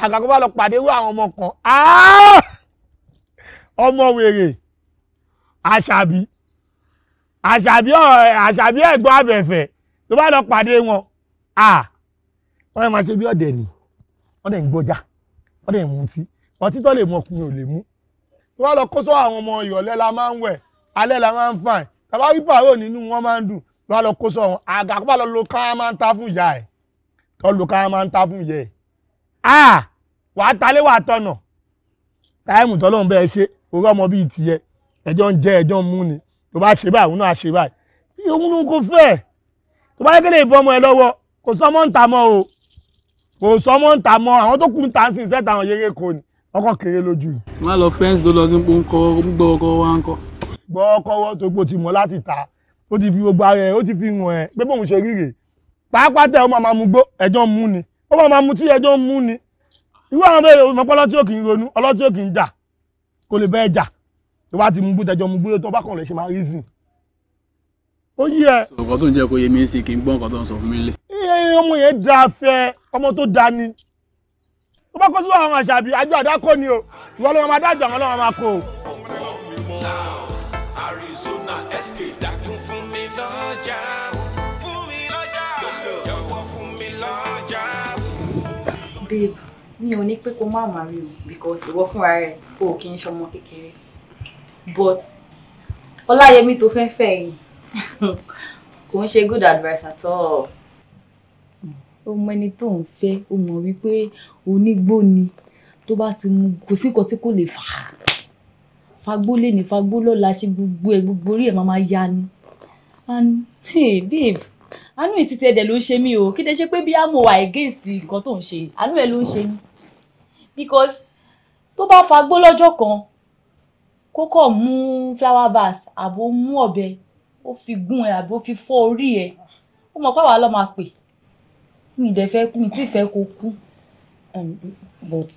àgàkọ́ bá lọ pàdé irú àwọn ọmọ kan ah! ọmọ wèrè àṣàbí àṣàbí àṣàbí ẹ̀gbọ́n abẹ̀fẹ̀ tó bá lọ pàdé wọn ah! wọ́n máa ṣe bí ọ̀dẹ̀ ni wọ́n dẹ̀ ń gbọ́jà wọ́n dẹ̀ mú ọtí ti tó lè mú ọkùnrin ò lè mú. wọ́n lọ kó sọ àwọn ọmọ ìrọ̀lẹ́ la máa ń wẹ̀ alẹ́ la máa ń fàn tàbá wípé àárọ̀ nínú wọn máa ń dùn wọ́n lọ kó sọ wọn àgà kó bá lọ lo káyà máa ń ta fún ìyá ẹ̀ tó lo káyà máa ń ta fún ìyá ẹ̀ ah wàá talé wàá tọ̀nà táìmù tọ́lọ́run bẹ́ẹ̀ ṣe orí ọmọ bíi tiẹ̀ ẹjọ́ ń jẹ ẹjọ́ ń mú ni tó bá ṣe báyìí òun náà ṣe báyìí òun ló kó fẹ́ẹ̀ tó bá yẹ kò sọmọ ń ta mọ àwọn tó kù ń ta ń sìn sẹ́ta àwọn yẹrẹ kò ní ọkọ̀ kéré lójú. tí wọ́n lọ fẹ́ǹsì tó lọ sí pé ń kọ́ gbọ́ ọkọ̀ wa ń kọ́. gbọ́ ọkọ̀ wọ́n tó gbó ti mọ̀ láti ta ó ti fi gbogbo ara ẹ̀ ó ti fi hàn ẹ̀ pé bóun ṣe ríre pàápàá tẹ ọ máa mú gbó ẹjọ́ mú ni ó máa mú tí ẹjọ́ mú ni irú àwọn bẹ́ẹ̀ mọ̀ pé ọlọ́tí ò kì í ronú ọlọ́tí ò kì í jà kò lè bẹ́ẹ̀ jà tó ti mú gbódẹjọ́ mú gbódẹjọ́ bá kàn lè ṣe máa rí zìn ó yí ẹ ọmọ yẹn da fẹ́ ọmọ tó da ni ó bá kó sí àwọn àṣàbí àjọ àdákọ ni o ìwọ ló máa dájọ àwọn ọlọ́wọ́ máa kó o. babe mi ò ní pé kó má máa rí o because ìwọ fúnra rẹ o kì í ṣọmọ kékeré but ọláyẹmí tó fẹ́ fẹ́ yìí kò ń ṣe good advice at all ó mọ ẹni tó ń fẹ́ ó mọ̀ wípé onígbó ni tó bá ti mu kò sí nǹkan tí kò lè fà á fagbó lè ní fagbó lọ́la ṣe gbogbo ẹ̀ gbogbo orí ẹ̀ máa máa ya ni and hey babe àánú ètí ti ẹ̀dẹ̀ ló ń ṣe mí o kí ni ẹ ṣe pé bí àmọ́ wà against nǹkan tó ń ṣe àánú ẹ̀ ló ń ṣe mí because tó bá fagbó lọ́jọ́ kan kó kọ̀ mú flower vase àbó mú ọ̀bẹ ó fi gún ẹ àbó fi fọ́ orí ẹ ó mọ̀ pé àwa lọ́ máa pè mi dẹ̀ fẹ́ mi tí fẹ́ kó kú um, but.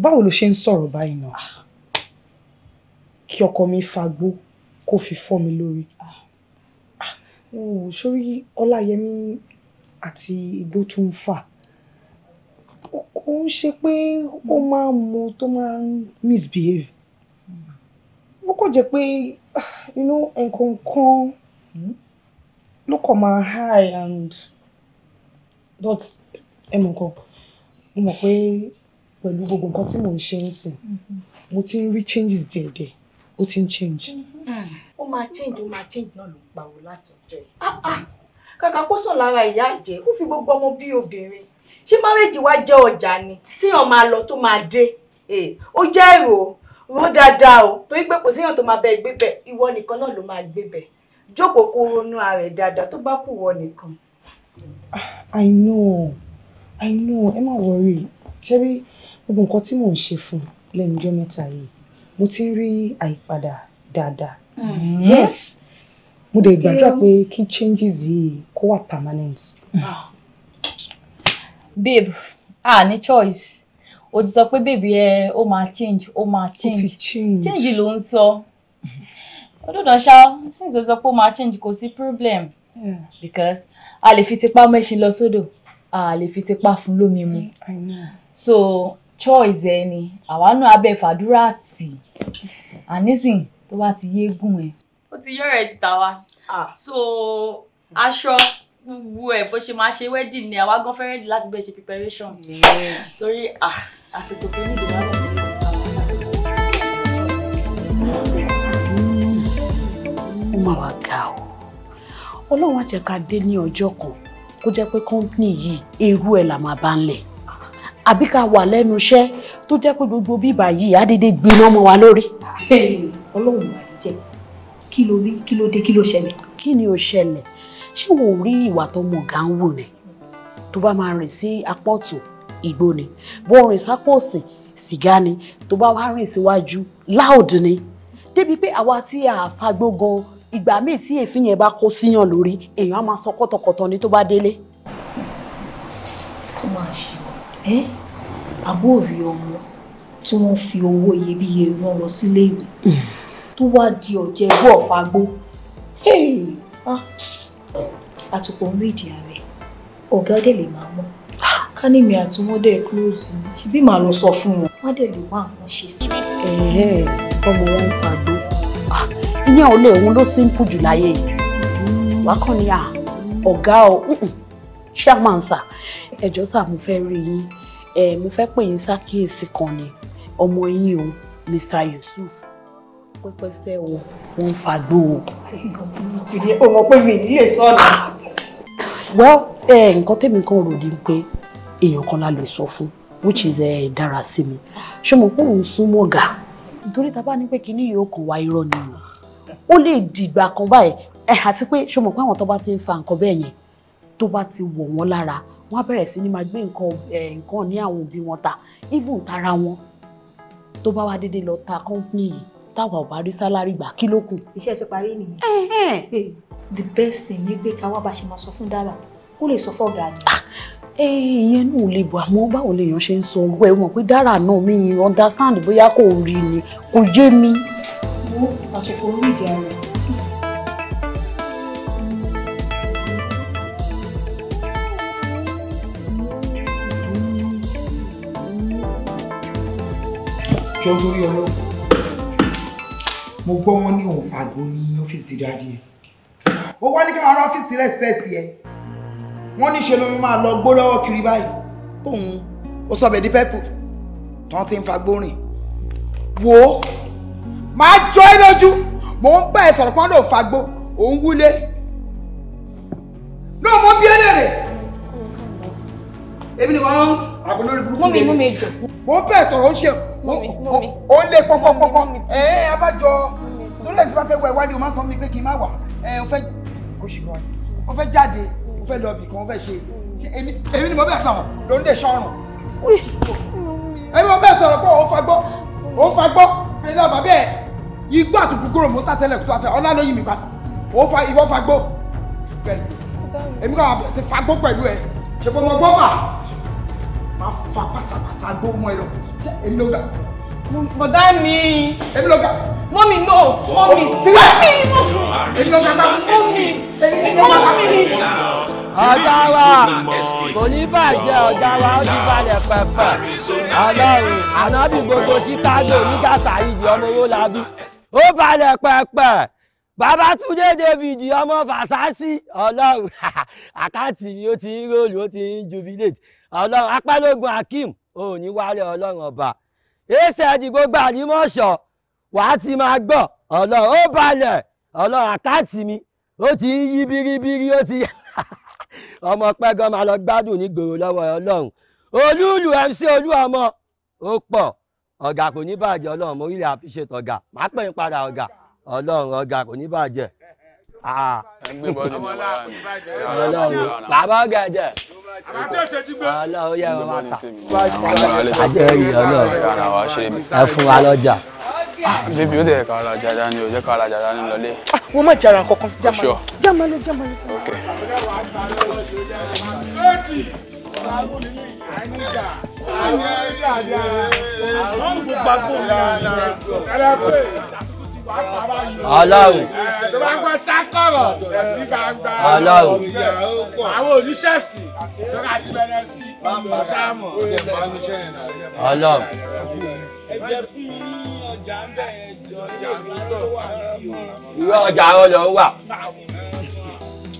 báwo ló ṣe ń sọ̀rọ̀ báyìí náà ah. kí ọkọ mi fagbó kó fi fọ́ mi lórí ah. Ah, sórí ọláyẹmí àti igbó tó ń fà ó ń ṣe pé ó máa ń mu tó máa misbehave ó kò jẹ́ pé inú nǹkan kan hmm? ló kàn máa high and but ẹ mọ̀ nǹkan mo mọ̀ pé pẹ̀lú gbogbo nǹkan tí mò ń ṣe ń sìn mm-hmm. mo ti ń rí changes díẹ̀díẹ̀ ó ti ń change. Mm-hmm. ó máa change ó máa change náà ló pa òun láti ọjọ́ yìí. Ah, ah, kàkà kó sàn lára ìyá àjẹ́ ó fi gbogbo ọmọ bí obìnrin ṣé márèjì wá jẹ́ ọjà ni tíyàn máa lọ tó máa dé eh, ó jẹ́ èrò ró dáadáa o torí pé kò síyàn tó máa bẹ gbé bẹ ìwọ nìkan náà ló máa gbé bẹ jókòó kó ronú ara rẹ̀ dáadáa tó bá kù wọ nìkan. I know I know ẹ má wọrí ṣé rí gbogbo nǹkan tí mò ń ṣe fún lẹ́nu ọjọ́ mẹ́ta yìí mo ti ń rí àyípadà dáadáa mm-hmm. yes mo dẹ̀ gbàdúrà pé kí changes yìí kó wà permanent. Ah. babe a ah, ní choice o ti sọ pé bèbí ẹ ó máa change ó máa change ó ti change change ló ń sọ òdòdó ṣá since o sọ pé ó máa change kò sí problem Hmm. because a lè fi tipá mẹ́ṣin lọ sódò a lè fi tipá fún lómi mu so choice ẹ ni àwa náà abẹ fàdúrà tì ànísìn tó bá ti yéégùn ẹ. ó ti yọrọ ẹ ti tà wá ah. so aṣọ gbogbo ẹ bó ṣe máa ṣe wedding ni àwa gan fẹ́rẹ́ di láti bẹ́ẹ̀ ṣe preparation torí ah, àsìkò tó ní ìdílé wà lọ́wọ́. Ó ọlọ́run á jẹ́ ká dé ní ọjọ́ kan kó jẹ́ pé kọ́ńpìnì yìí èrú ẹ̀ là máa bá ń lẹ̀ àbí ká wà lẹ́nu iṣẹ́ tó jẹ́ pé gbogbo bíbà yìí á gbiná mọ́ wa lórí. ọlọ́run wà jẹ́ kí ló rí kí ló dé kí ló ṣẹlẹ̀. kí ni ó ṣẹlẹ̀ ṣé wò ó rí ìwà tọmọ ọ̀gá ń wù ni tó bá máa rìn sí apá ọ̀tún igbó ni bó rìn sápò òsì sìgá ni tó bá wá rìn síwájú láòdì ni débi pé àwa tí a fagbó gan-an ìgbà míì tí èéfín yẹn bá kó síyàn lórí èèyàn á máa sọ kọ́tọ̀kọ́tọ̀ ní tó bá délé. ó máa ṣe ẹ àbóòrí ọmọ tí wọ́n fi owó iyebíye rán lọ sílé ìwé tó wá di ọ̀jẹ̀ ẹgbẹ́ ọ̀fagbó ah! àtùpọ̀ ń rí ìdí ààrẹ ọ̀gá dẹ̀ lè máa mọ́ ká ní mi àti wọ́n dẹ̀ close ni ṣebí màá lọ sọ fún wọn wọ́n dẹ̀ lè wá àwọn ṣe sí. ọmọ wa ń fagbó ìyẹn ò lè òun ló simple jù láyé yìí wákàn ni à ọ̀gá o chairman sà ẹjọ́ sà mo fẹ́ rí yín ẹ mo fẹ́ pè yín ṣàkíyèsí kan ni ọmọ yín o Mr. Yusuf pẹpẹsẹ o wọn fagbó o. ìdí ọmọ pé mi ìdílé sọnà. well nǹkan tèmi kan rò ní pé èèyàn kan la lè sọ fún which is dára sí mi ṣé mo pé òun súnmọ́ ọ̀gá nítorí tá a bá ní pé kinní yìí ó kàn wá irọ́ nìyẹn ó lè dìgbà kan báyìí ẹ àti pé ṣe mọ̀ pé àwọn tó bá ti ń fa nǹkan bẹ́ẹ̀ yẹn tó bá ti wọ̀ wọ́n lára wọ́n á bẹ̀rẹ̀ sí ni máa gbé nǹkan nǹkan ní àwọn òbí wọn ta even tara wọn tó bá wá déédéé lọ ta company yìí táwa ò bá rí sálárì gbà kí ló kù. iṣẹ́ ti parí nìyẹn. the best thing ni pé káwá bá ṣe máa sọ fún dára kó lè sọ fọ́ọ̀gá rẹ̀ ah, ìyẹn náà lè bọ̀ àmọ́ báwo lèèyàn ṣe ń sọ ọgbẹ́ wọn pé dára náà mi understand bóyá kò rí ni kò yé mi wo àtòkò orí ìdí ara rẹ̀. jọ lórí ọlọ́run mo gbọ́ wọn ní òun fàgbo ní ọ́fíìsì dáadé ó wá ní káwọn ará ọ́fíìsì rẹ́sípẹ́ẹ̀tì ẹ wọ́n ní ṣe ló máa lọ kiri báyìí tóun ó sọ bẹ̀ di pẹ́pù tán ti ń fagbó rìn wò ó máa jọ ẹ́ lójú mò ń bá ẹ sọ̀rọ̀ pọ́n lò fagbó òun wúlé ló mọ bí ẹlẹ́rè èmi ni wọ́n àgbo lórí burúkú mi mú mi jù mò ń bá ẹ sọ̀rọ̀ ó ṣe ó lé pọ́npọ́npọ́n ẹ ẹ abájọ lórí ẹ̀ tí wọ́n fẹ́ wọ ẹ wálé o máa sọ mi pé kí n má wà ẹ o fẹ́ kó ṣì kọ́ ọ fẹ́ jáde o fẹ́ lọ bì kan o fẹ́ ṣe èmi ni mo bẹ̀ sọ̀rọ̀ ló ń dè sọ̀rùn èmi mo bẹ̀ sọ̀rọ̀ pé òun fagbọ́ òun fagbọ́ ẹni náà bàbá ẹ̀ igbó àtùkù kúrò mọ́tà tẹ́lẹ̀ kó tó wá fẹ́ ọlá ló yí mi padà ó fa ìwọ fagbó fẹ́ẹ́ èmi kọ́ àbẹ̀ sí fagbó pẹ̀lú ẹ ṣe bọ́ mọ gbọ́ fà máa fa pàṣàpàṣà gbó mọ́ ẹ èmi ló ga. bọ̀dá mi. èmi ló ga. mọ́ mi náà mọ́ mi. sílẹ̀ èmi ló ga bá mọ́ mi. èmi ló ga bá mọ́ mi. ọ̀dà wa kò ní bàjẹ́ ọ̀dà wa ó ti balẹ̀ pẹ̀pẹ̀ ọlọ́run ànábì gbogbo chicago ní gàtà ọmọ owó la bí ó balẹ̀ pẹ̀pẹ̀ Babátúndé David ọmọ Fàṣásí ọlọ́run àkáǹtì mi ó ti ń róòlù ó ti ń jubilate ọlọ́run apálógun Akeem ò ní wálé ọlọ́run ọba èsì ẹ̀dì gbogbo àdìmọ̀ṣọ̀ wàá ti máa gbọ́ ọlọ́run ó balẹ̀ ọlọ́run àkáǹtì mi ó ti ń yí biribiri ó ti ọmọ pẹ́gàn máa lọ gbádùn nígboro lọ́wọ́ ọlọ́run olúùlù MC olú ọmọ ó pọ̀ ọ̀gá kò ní bàjẹ́ ọlọ́run mo really appreciate ọ̀gá màá pè yín padà ọ̀gá ọlọ́run ọ̀gá kò ní bàjẹ́ ọlọ́run bàbá ọ̀gá ẹ̀jẹ̀ ọlọ́run yẹ wọn máa tà àjẹ́ yìí ọlọ́run ẹ fún wa lọ́jà. bíbí ó dẹ̀ kára jàdá ni ò jẹ́ kára jàdá ni lọlé. wọ́n má jara kankan jámalẹ̀ jámalẹ̀ jámalẹ̀. ok aláwọ̀ tó bá gbọ́ sákọ̀rọ̀ ṣẹ̀sí gbangba aláwọ̀ àwọn oníṣẹ̀sì tó ká ti bẹ̀rẹ̀ sí ọ̀ṣàmọ̀ aláwọ̀. ìwé ọjà ọlọ́ wà.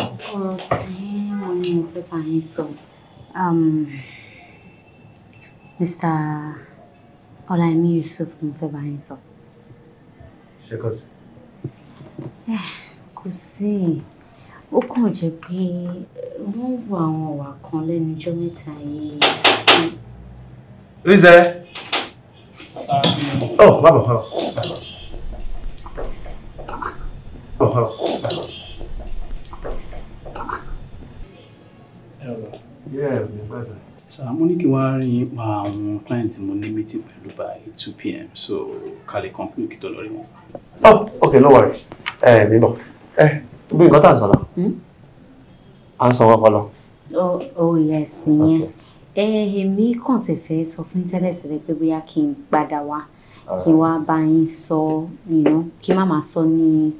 ọ̀rọ̀ tí mo ní mo fẹ́ bá yín sọ Yusuf mo fẹ́ bá yín sọ. ṣé kò sí. kò sí ó kàn jẹ́ pé wọ́n wo àwọn ọ̀wà kan lẹ́nu ọjọ́ mẹ́ta yìí. who is there? oh bàbá bàbá oh, bàbá bàbá. bye bye. sir mo ní kí wọ́n á rí pa àwọn um, clients mo ní meeting pẹ̀lú by two pm so ká lè conclude kí tó lọ rí wọn. oh okay no worries ẹ eh, mi bọ ẹ eh, bí nǹkan tá à ń sọ lọ hmm? à ń sọ wọn kọ lọ. oh oh yes ìyẹn ẹ eh, èmi kàn ti fẹ́ sọ fún tẹ́lẹ̀tẹ́lẹ̀ pé bóyá kí n padà wá kí n wá bá yín sọ kí n má máa sọ ní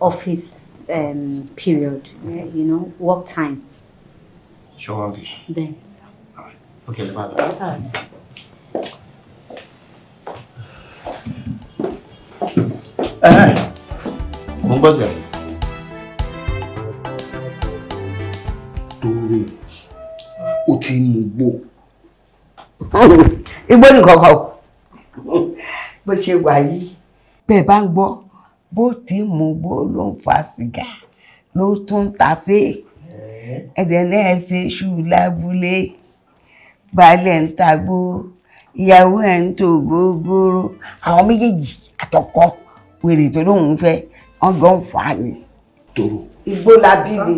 office um, period you know work time ṣọwọ́ rí. bẹ́ẹ̀ ni sá. ok ẹ bá lọ. mo ń bọ̀ sí ẹ̀. tóóró ó ti ń mú gbó. igbó nìkan kan bó ṣe wà yìí bẹ́ẹ̀ ẹ̀dẹ̀ náà ṣe ṣù lábúlé balẹ̀ ń tagbó ìyàwó ẹ̀ ń tò gógóró àwọn méjèèjì àtọkọ wèrè tó lóun fẹ́ wọ́n gan fà á ni. toro igbó la bí mi.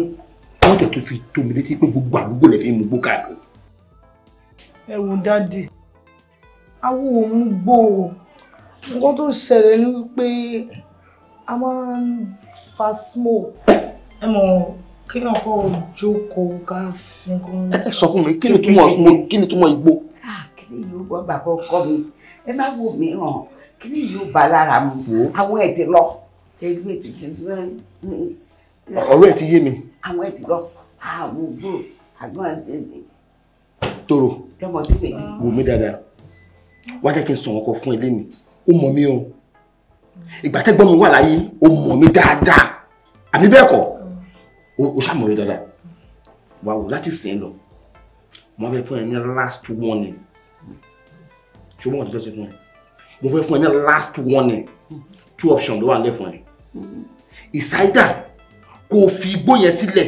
wọ́n tẹ̀ tó fi tó mi létí pé gbogbo àdúgbò lè fi mú gbó káàkiri. ẹ wo dádì awo òun gbó o nǹkan tó ṣẹlẹ̀ ni pé a máa ń fa smoke ẹ mọ̀ kí ni ọkọ jókòó ká fún kún. ẹ sọ fún mi kí ni túmọ̀ mo kí ni túmọ̀ igbó. kí ni yóò gbọ́ bàbá ọkọ mi ẹ má wò mí hàn kí ni yóò bá lára mu àwọn ètè lọ ẹgbẹ́ tètè náà. ọ̀rọ̀ ẹ̀ ti yé mi. àwọn ètè lọ àwọn ògbó àgbọn ẹ̀ toro wò mí dáadáa wá jẹ́ kí n sọ̀rọ̀ kan fún ilé mi ó mọ̀ mí o ìgbà tẹ́gbọ́n mi wà láyé ó mọ̀ mí dáadáa àbí bẹ́ẹ̀ kọ́ o ṣàmọ̀ mi dáadáa wà wò láti sìn lọ mo fẹ́ fún ẹ ní last warning ṣùgbọ́n ọ̀dọ́ ṣe fún ẹ mo fẹ́ fún ẹ ní last warning two options ló wà nílẹ̀ fún ẹ ìsáídà kò fi igbó yẹn sílẹ̀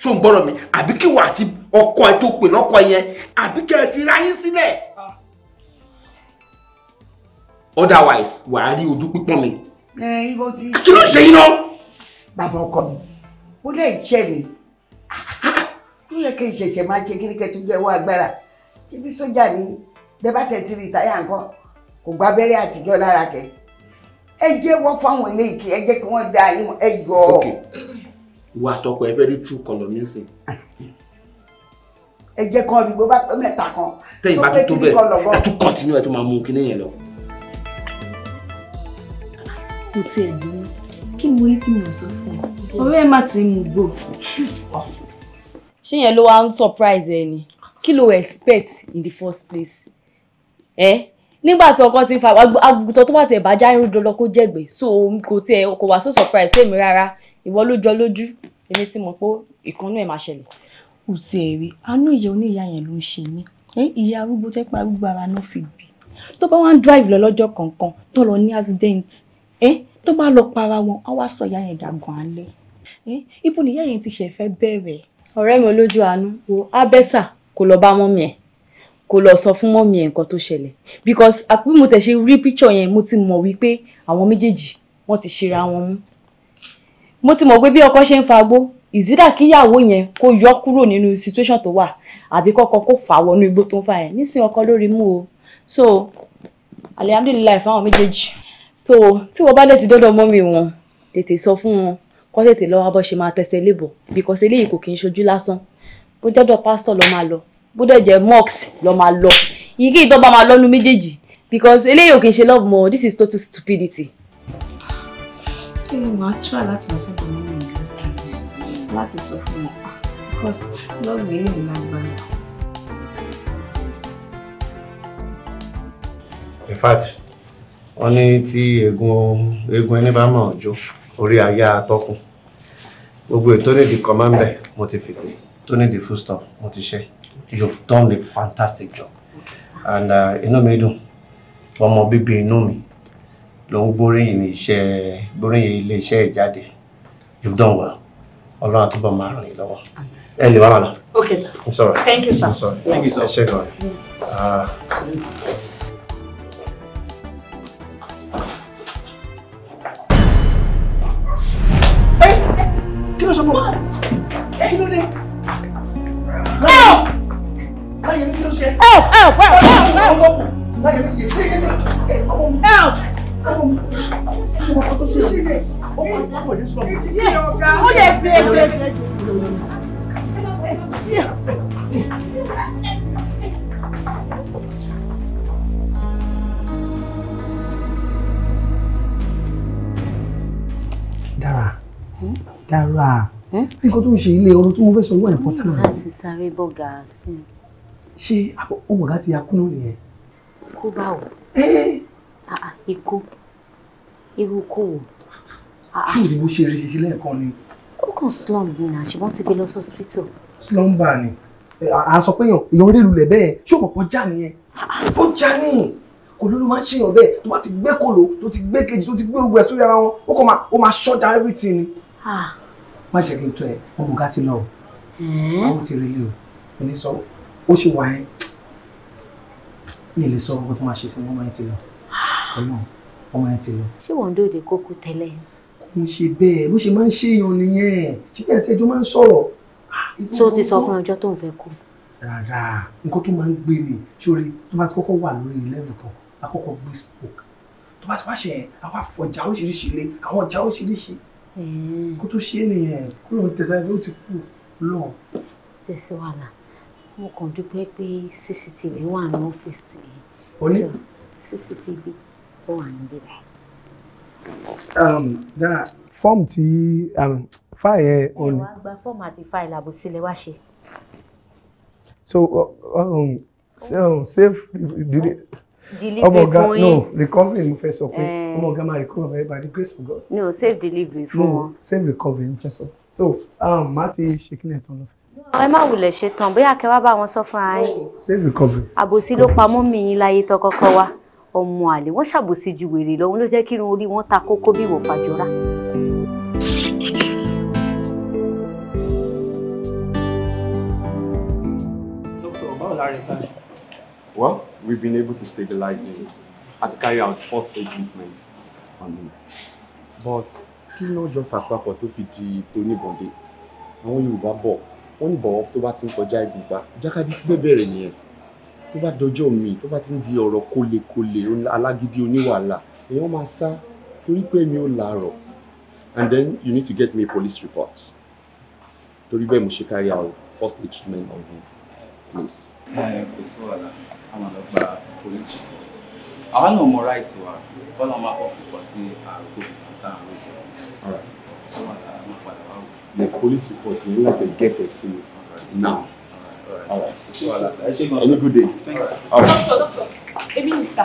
tó ń gbọ́dọ̀ mi àbí kí wà àti ọkọ ẹ tó pè lọ́kọ yẹn àbí kí ẹ fi ráyé sílẹ̀ otherwise wàá rí ojú pípọ́n mi. kí ló ṣe yín náà bàbá ọkọ mi ó lè jẹ́ mi ó yẹ kí n ṣẹ̀ṣẹ̀ máa ṣe kí ni kẹ́tù jẹ́ owó agbára ibi sójà ni bẹ́ẹ̀ bá tẹ̀ tí rí ìtayà nǹkan kò gba abẹ́rẹ́ àtijọ́ lára kẹ́ ẹ jẹ́ wọ́n fáwọn ilé ìkí ẹ jẹ́ kí wọ́n da yín ẹ yọ ọ. ìwà àtọkọ ẹ fẹ́ rí true color nísìn. ẹ jẹ́ kán rí bó bá pẹ́ mẹ́ta kan. tẹ́yìn bá tó bẹ́ẹ̀ ẹ tún kọ́ntínú ẹ tó máa mú kinní yẹn lọ. kò tiẹ̀ dùn kí ni mo yí tí mi ò sọ fún ọ ọ̀rẹ́ ẹ má ti mú gbò. ṣé yẹn ló wá ń surprise ẹ ni kí ló expect in the first place ẹ nígbà tí ọkọ ti fa àgùntàn tó bá tiẹ̀ bá já irun dandan kó jẹ̀gbẹ́ so kò tiẹ̀ kò wá so surprise sí èmi rárá ìwọ ló jọ lójú èmi ti mọ̀ pé ìkànnú ẹ̀ máa ṣẹlẹ̀. kò tiẹ̀ rí àánú ìyá oníyá yẹn ló ń ṣe mí ìyá arúgbó jẹ́ pé arúgbó ara náà fi bì tó bá wá ń drive lọ lọ́jọ́ kọ̀ọ̀kan tó lọ ní accident tó bá lọ para wọn á wá sọ ìyá yẹn dàgbọ́n alẹ́ eh, ibo nìyá yẹn ti ṣẹ̀fẹ́ bẹ̀rẹ̀. ọ̀rẹ́ mi olójú àánú wo abẹ́tà kò lọ bá mọ́mí ẹ̀ kò lọ sọ fún mọ́mí ẹ̀ nǹkan tó ṣẹlẹ̀ because àpò bí mo tẹ̀ ṣe rí píkṣọ̀ yẹn mo ti mọ̀ wípé àwọn méjèèjì wọ́n ti ṣera wọn mú mo ti mọ̀ pé bí ọkọ ṣe ń fagbó ìzídà kíyàwó yẹn kó yọ kúrò nínú situation tó wà àbí kọ́kọ́ kó fà wọnú igbó tó ń fà yẹn nísìnyí ọkọ lórí mú o so alihamdulilayi fáwọn méjèèjì so tí wọ́n bá lè ti dọ́dọ̀ mọ́mì wọn tètè sọ fún wọn kó tètè lọ́wọ́ bọ́ ṣe máa tẹsẹ̀ lébọ̀ bíkọ́sí eléyìí kò kí n ṣojú lásán bó jọ́dọ̀ pásítọ̀ lọ́ máa lọ bó dẹ̀ jẹ́ mọ́ọ̀sì lọ́ máa lọ yìí ìdọ́gba máa lọ́nu méjèèjì because eléyìí ò kí n ṣe love mọ́ this is total stupidity. ṣé wàá try láti lọ sọ́dọ̀ mọ́mì ìlú láti sọ fún wọn ah, because love eléyìí lágbára. in fact wọ́n ní tí eegun ẹni bá mọ̀ ọjọ́ orí aya atọ́kùn gbogbo ètò nídìí kọ́mándẹ̀ mo ti fèsì tó nídìí full stop mo ti ṣe you've done a fantastic job and uh, inú mi dùn ọmọ bíbí inú mi ló ń gbóríyìn iṣẹ́ gbóríyìn iléeṣẹ́ ìjáde you've done well ọlọ́run àtúbọ̀ máa ràn yín lọ́wọ́ ẹ lè wá wà lọ. okay sir. it's thank you sir. it's all right. thank you sir. ẹ ṣe gan kí ló sọ fún wa kí ló dé. láyé mi kí ló ṣe. help help help help help. láyé mi kì í ṣe é ẹ ọmọ mi. help. ó yẹ fi ẹgbẹ́. dára nǹkan tó ń ṣe ilé ọ̀rọ̀ tó ń fẹ́ sọ wọ́n important. wọ́n ti sáré bọ́gà. ṣé ohun ọ̀gá ti yakúnú nìyẹn. kó bá wò. ikú irú kò wò. ṣé òde bó ṣe rí ṣiṣẹ́ lẹ́ẹ̀kan ni. ó kàn slum ni na ṣùgbọ́n ti gbé lọ sí hospital. slum bar ni a sọ pé èèyàn èèyàn rèé lulẹ̀ bẹ́ẹ̀ ṣé òpòpò já nìyẹn ó já nìyẹn kò ló ló máa ń ṣèyàn bẹ́ẹ̀ tó bá ti gbé kòló tó ti gbé kejì tó ti gbé ogun ẹ̀ sórí ara wọn ó kàn máa ó máa shut down everything ni. Ah. má jẹ́ kí n tọ́ ẹ ọmọ ọ̀gá ti lọ o àwọn ti rí ilé o mi ní sọ ó ṣe wà ẹ́ mi lè sọ ọkọ tó máa ṣe sí ọmọ yẹn ti lọ ọlọ́run ọmọ yẹn ti lọ. ṣé wọn ń dòde kókó tẹ́lẹ̀. kò ń ṣe bẹ́ẹ̀ bó ṣe máa ń ṣèyàn nìyẹn ṣé bí àti ẹjọ́ máa ń sọ̀rọ̀. tó o ti sọ fún ọjọ́ tó ń fẹ́ kú. rárá nǹkan tó máa ń gbé mi sórí tó bá ti kọ́kọ́ wà lórí level kan àkọ́kọ́ gbé spoke tó bá ti wá ṣe àwọn àfọ̀jà oríṣiríṣi lé àwọn ọjà oríṣiríṣi Mm. kó tó ṣe é nìyẹn kó lóun tẹ̀sán ẹgbẹ́ ó ti kú lọ́n. tẹ̀sí wàhálà mo kàn dúpẹ́ pé cctv wà ní ọ́fíìsì yìí. o ní. cctv ó wà níbí rẹ̀. Um, dára fọ́ọ̀mù tí um, fáì ẹ̀ ò ní. ẹ wá gba fọ́ọ̀mù àti fáì làbò wá ṣe. so uh, um, so safe. Oh ọmọ ọ̀gá no recovery mo fẹ́ sọ pé eh. ọmọ ọ̀gá máa recover by the grace of God. no safe delivery fún no safe recovery mo fẹ́ sọ so um, ti ṣe kí ni ẹ̀ tán lọ́fẹ̀ẹ́ ẹ má wulẹ̀ ṣe tán bóyá kẹwàá bá wọn sọ fúnra yín. safe recovery. àbòsí ló pa mọ́mí yín láyé tọkọkọ wa ọmọ àlè wọ́n ṣàbòsí ju wèrè lọ́hún ló jẹ́ kí irun orí ta kókó bí ìwò fàjọra. dókítà báwo la rẹ̀ we've been able to stabilize him and to carry out first aid treatment on him. But kí ló jọ fàpapọ̀ tó fi di tóníbọ̀dé? Àwọn Yorùbá bọ̀, wọ́n ní bọ̀wọ̀ tó bá ti ń kọjá ibùgbà, jákàdí ti fẹ́ bẹ̀rẹ̀ nìyẹn. Tó bá dọjọ́ mi, tó bá ti ń di ọ̀rọ̀ kólekóle, alágídí oníwàhálà, èèyàn máa sá torí pé mi ò láàárọ̀. And then you need to get me a police report. Torí bẹ́ẹ̀ mo ṣe carry out first aid treatment on him, please. Ẹ kò sí wàhálà ká máa polisi àwa náà mọ right wa kọ́lá máa kọ́ púpọ̀ tí àrùkò ìfọ̀tà àwọn ìjọ ṣé wà lára máa padà wò. there's police report you need to get a seal now. Any good day. Doctor, doctor, ebi ni sa,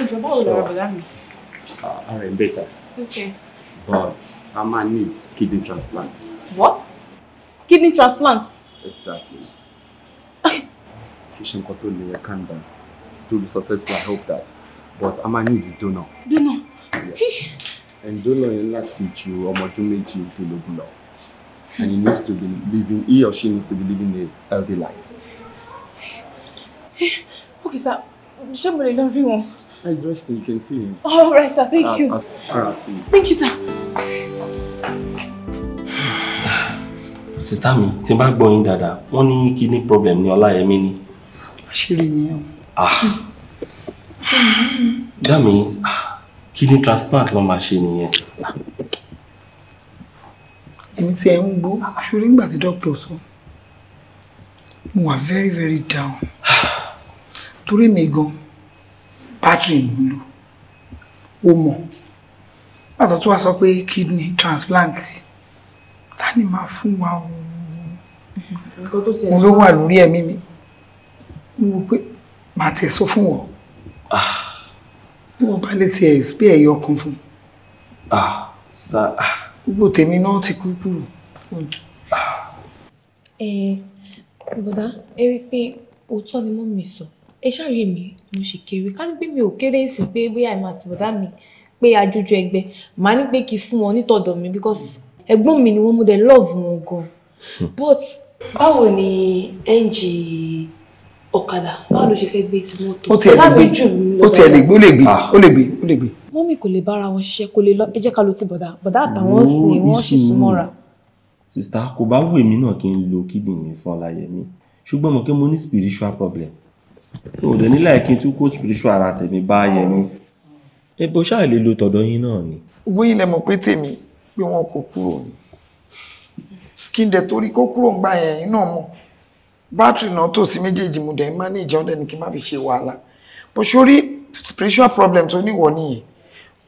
ìjọba ò lọ rọ̀bọ̀dá mi. All ah, right, better. Okay. But I might need kidney transplant. What? Kidney transplant? Exactly kì í ṣe lè yẹ calm um, down to be successful i hope that but a máa need donor. donor. yes and donor yẹn láti ju ọmọ ọdún méjì dínlógún lọ and he needs to be living he or she needs to be living a healthy life. Eh, okay sir ṣé mo lè lọ rí wọn. He's resting. You can see him. All right, sir. Thank you. As, as, as, Thank you, sir. Sister mi, tí n bá gbọ́ yín dáadáa, wọ́n ní kidney problem ní Ọláyẹmí ni àṣírí yẹn o. Ah. dami kidney transplant ló máa ṣe nìyẹn. èmi tí ẹ ń gbọ́ ṣorí nígbà tí dókítà sọ mo wà very very down torí mi gan battery mi lò ó mọ̀ pàtó tó wá sọ pé kidney transplant ta ni máa fún wa o mo ló wà lórí ẹ̀mí mi mo wò pé màá tiẹ̀ sọ fún wọ ah. bí wọ́n bá lè tiẹ̀ gbé ẹ̀yọ kan fún ah, ah. gbogbo tèmi náà ti kú kúrò. ẹ bọ̀dá ẹ rí i pé òótọ́ ni mọ́ mi sọ ẹ ṣàyè mi mo sì kéré ká ní pé mi ò kéré sí pé bóyá ẹ̀ máa ti bọ̀dá mi pé ajójú ẹgbẹ́ màá ní pé kí fún wọn nítọ̀dọ̀ mi because ẹ̀gbọ́n mi ni wọ́n mú de love wọn gan hmm. but báwo ni ng ọ̀kadà báwo ló ṣe fẹ́ gbé ti mọ́tò ó tiẹ̀ lè gbé O tiẹ̀ lè gbé ó lè gbé ó lè gbé O lè gbé. mọ́mì kò lè bára wọn ṣiṣẹ́ kó lè lọ ẹ jẹ́ ká lo ti bọ̀dá bọ̀dá àtàwọn sì wọ́n sì súnmọ́ra. sista kò bá wù èmi náà kí n lo kíndìnrín fún ọláyẹ mi ṣùgbọ́n mo kí mo ní spiritual problem O ò dẹ̀ nílà kí n tún kó spiritual ara tèmi bá yẹ mi ẹ bó ṣáà lè lo tọ̀dọ̀ yín náà ni. wọ́n ilẹ̀ mọ̀ pé tèmi pé wọn kò kúrò ni kí n dẹ̀ Battery náà tò sí méjèèjì mo dẹ̀ máa ní ìjà ọ̀dẹ̀ ni kí n má fi ṣe wàhálà bó ṣe orí spiritual problem tó níwọ̀ nìyẹn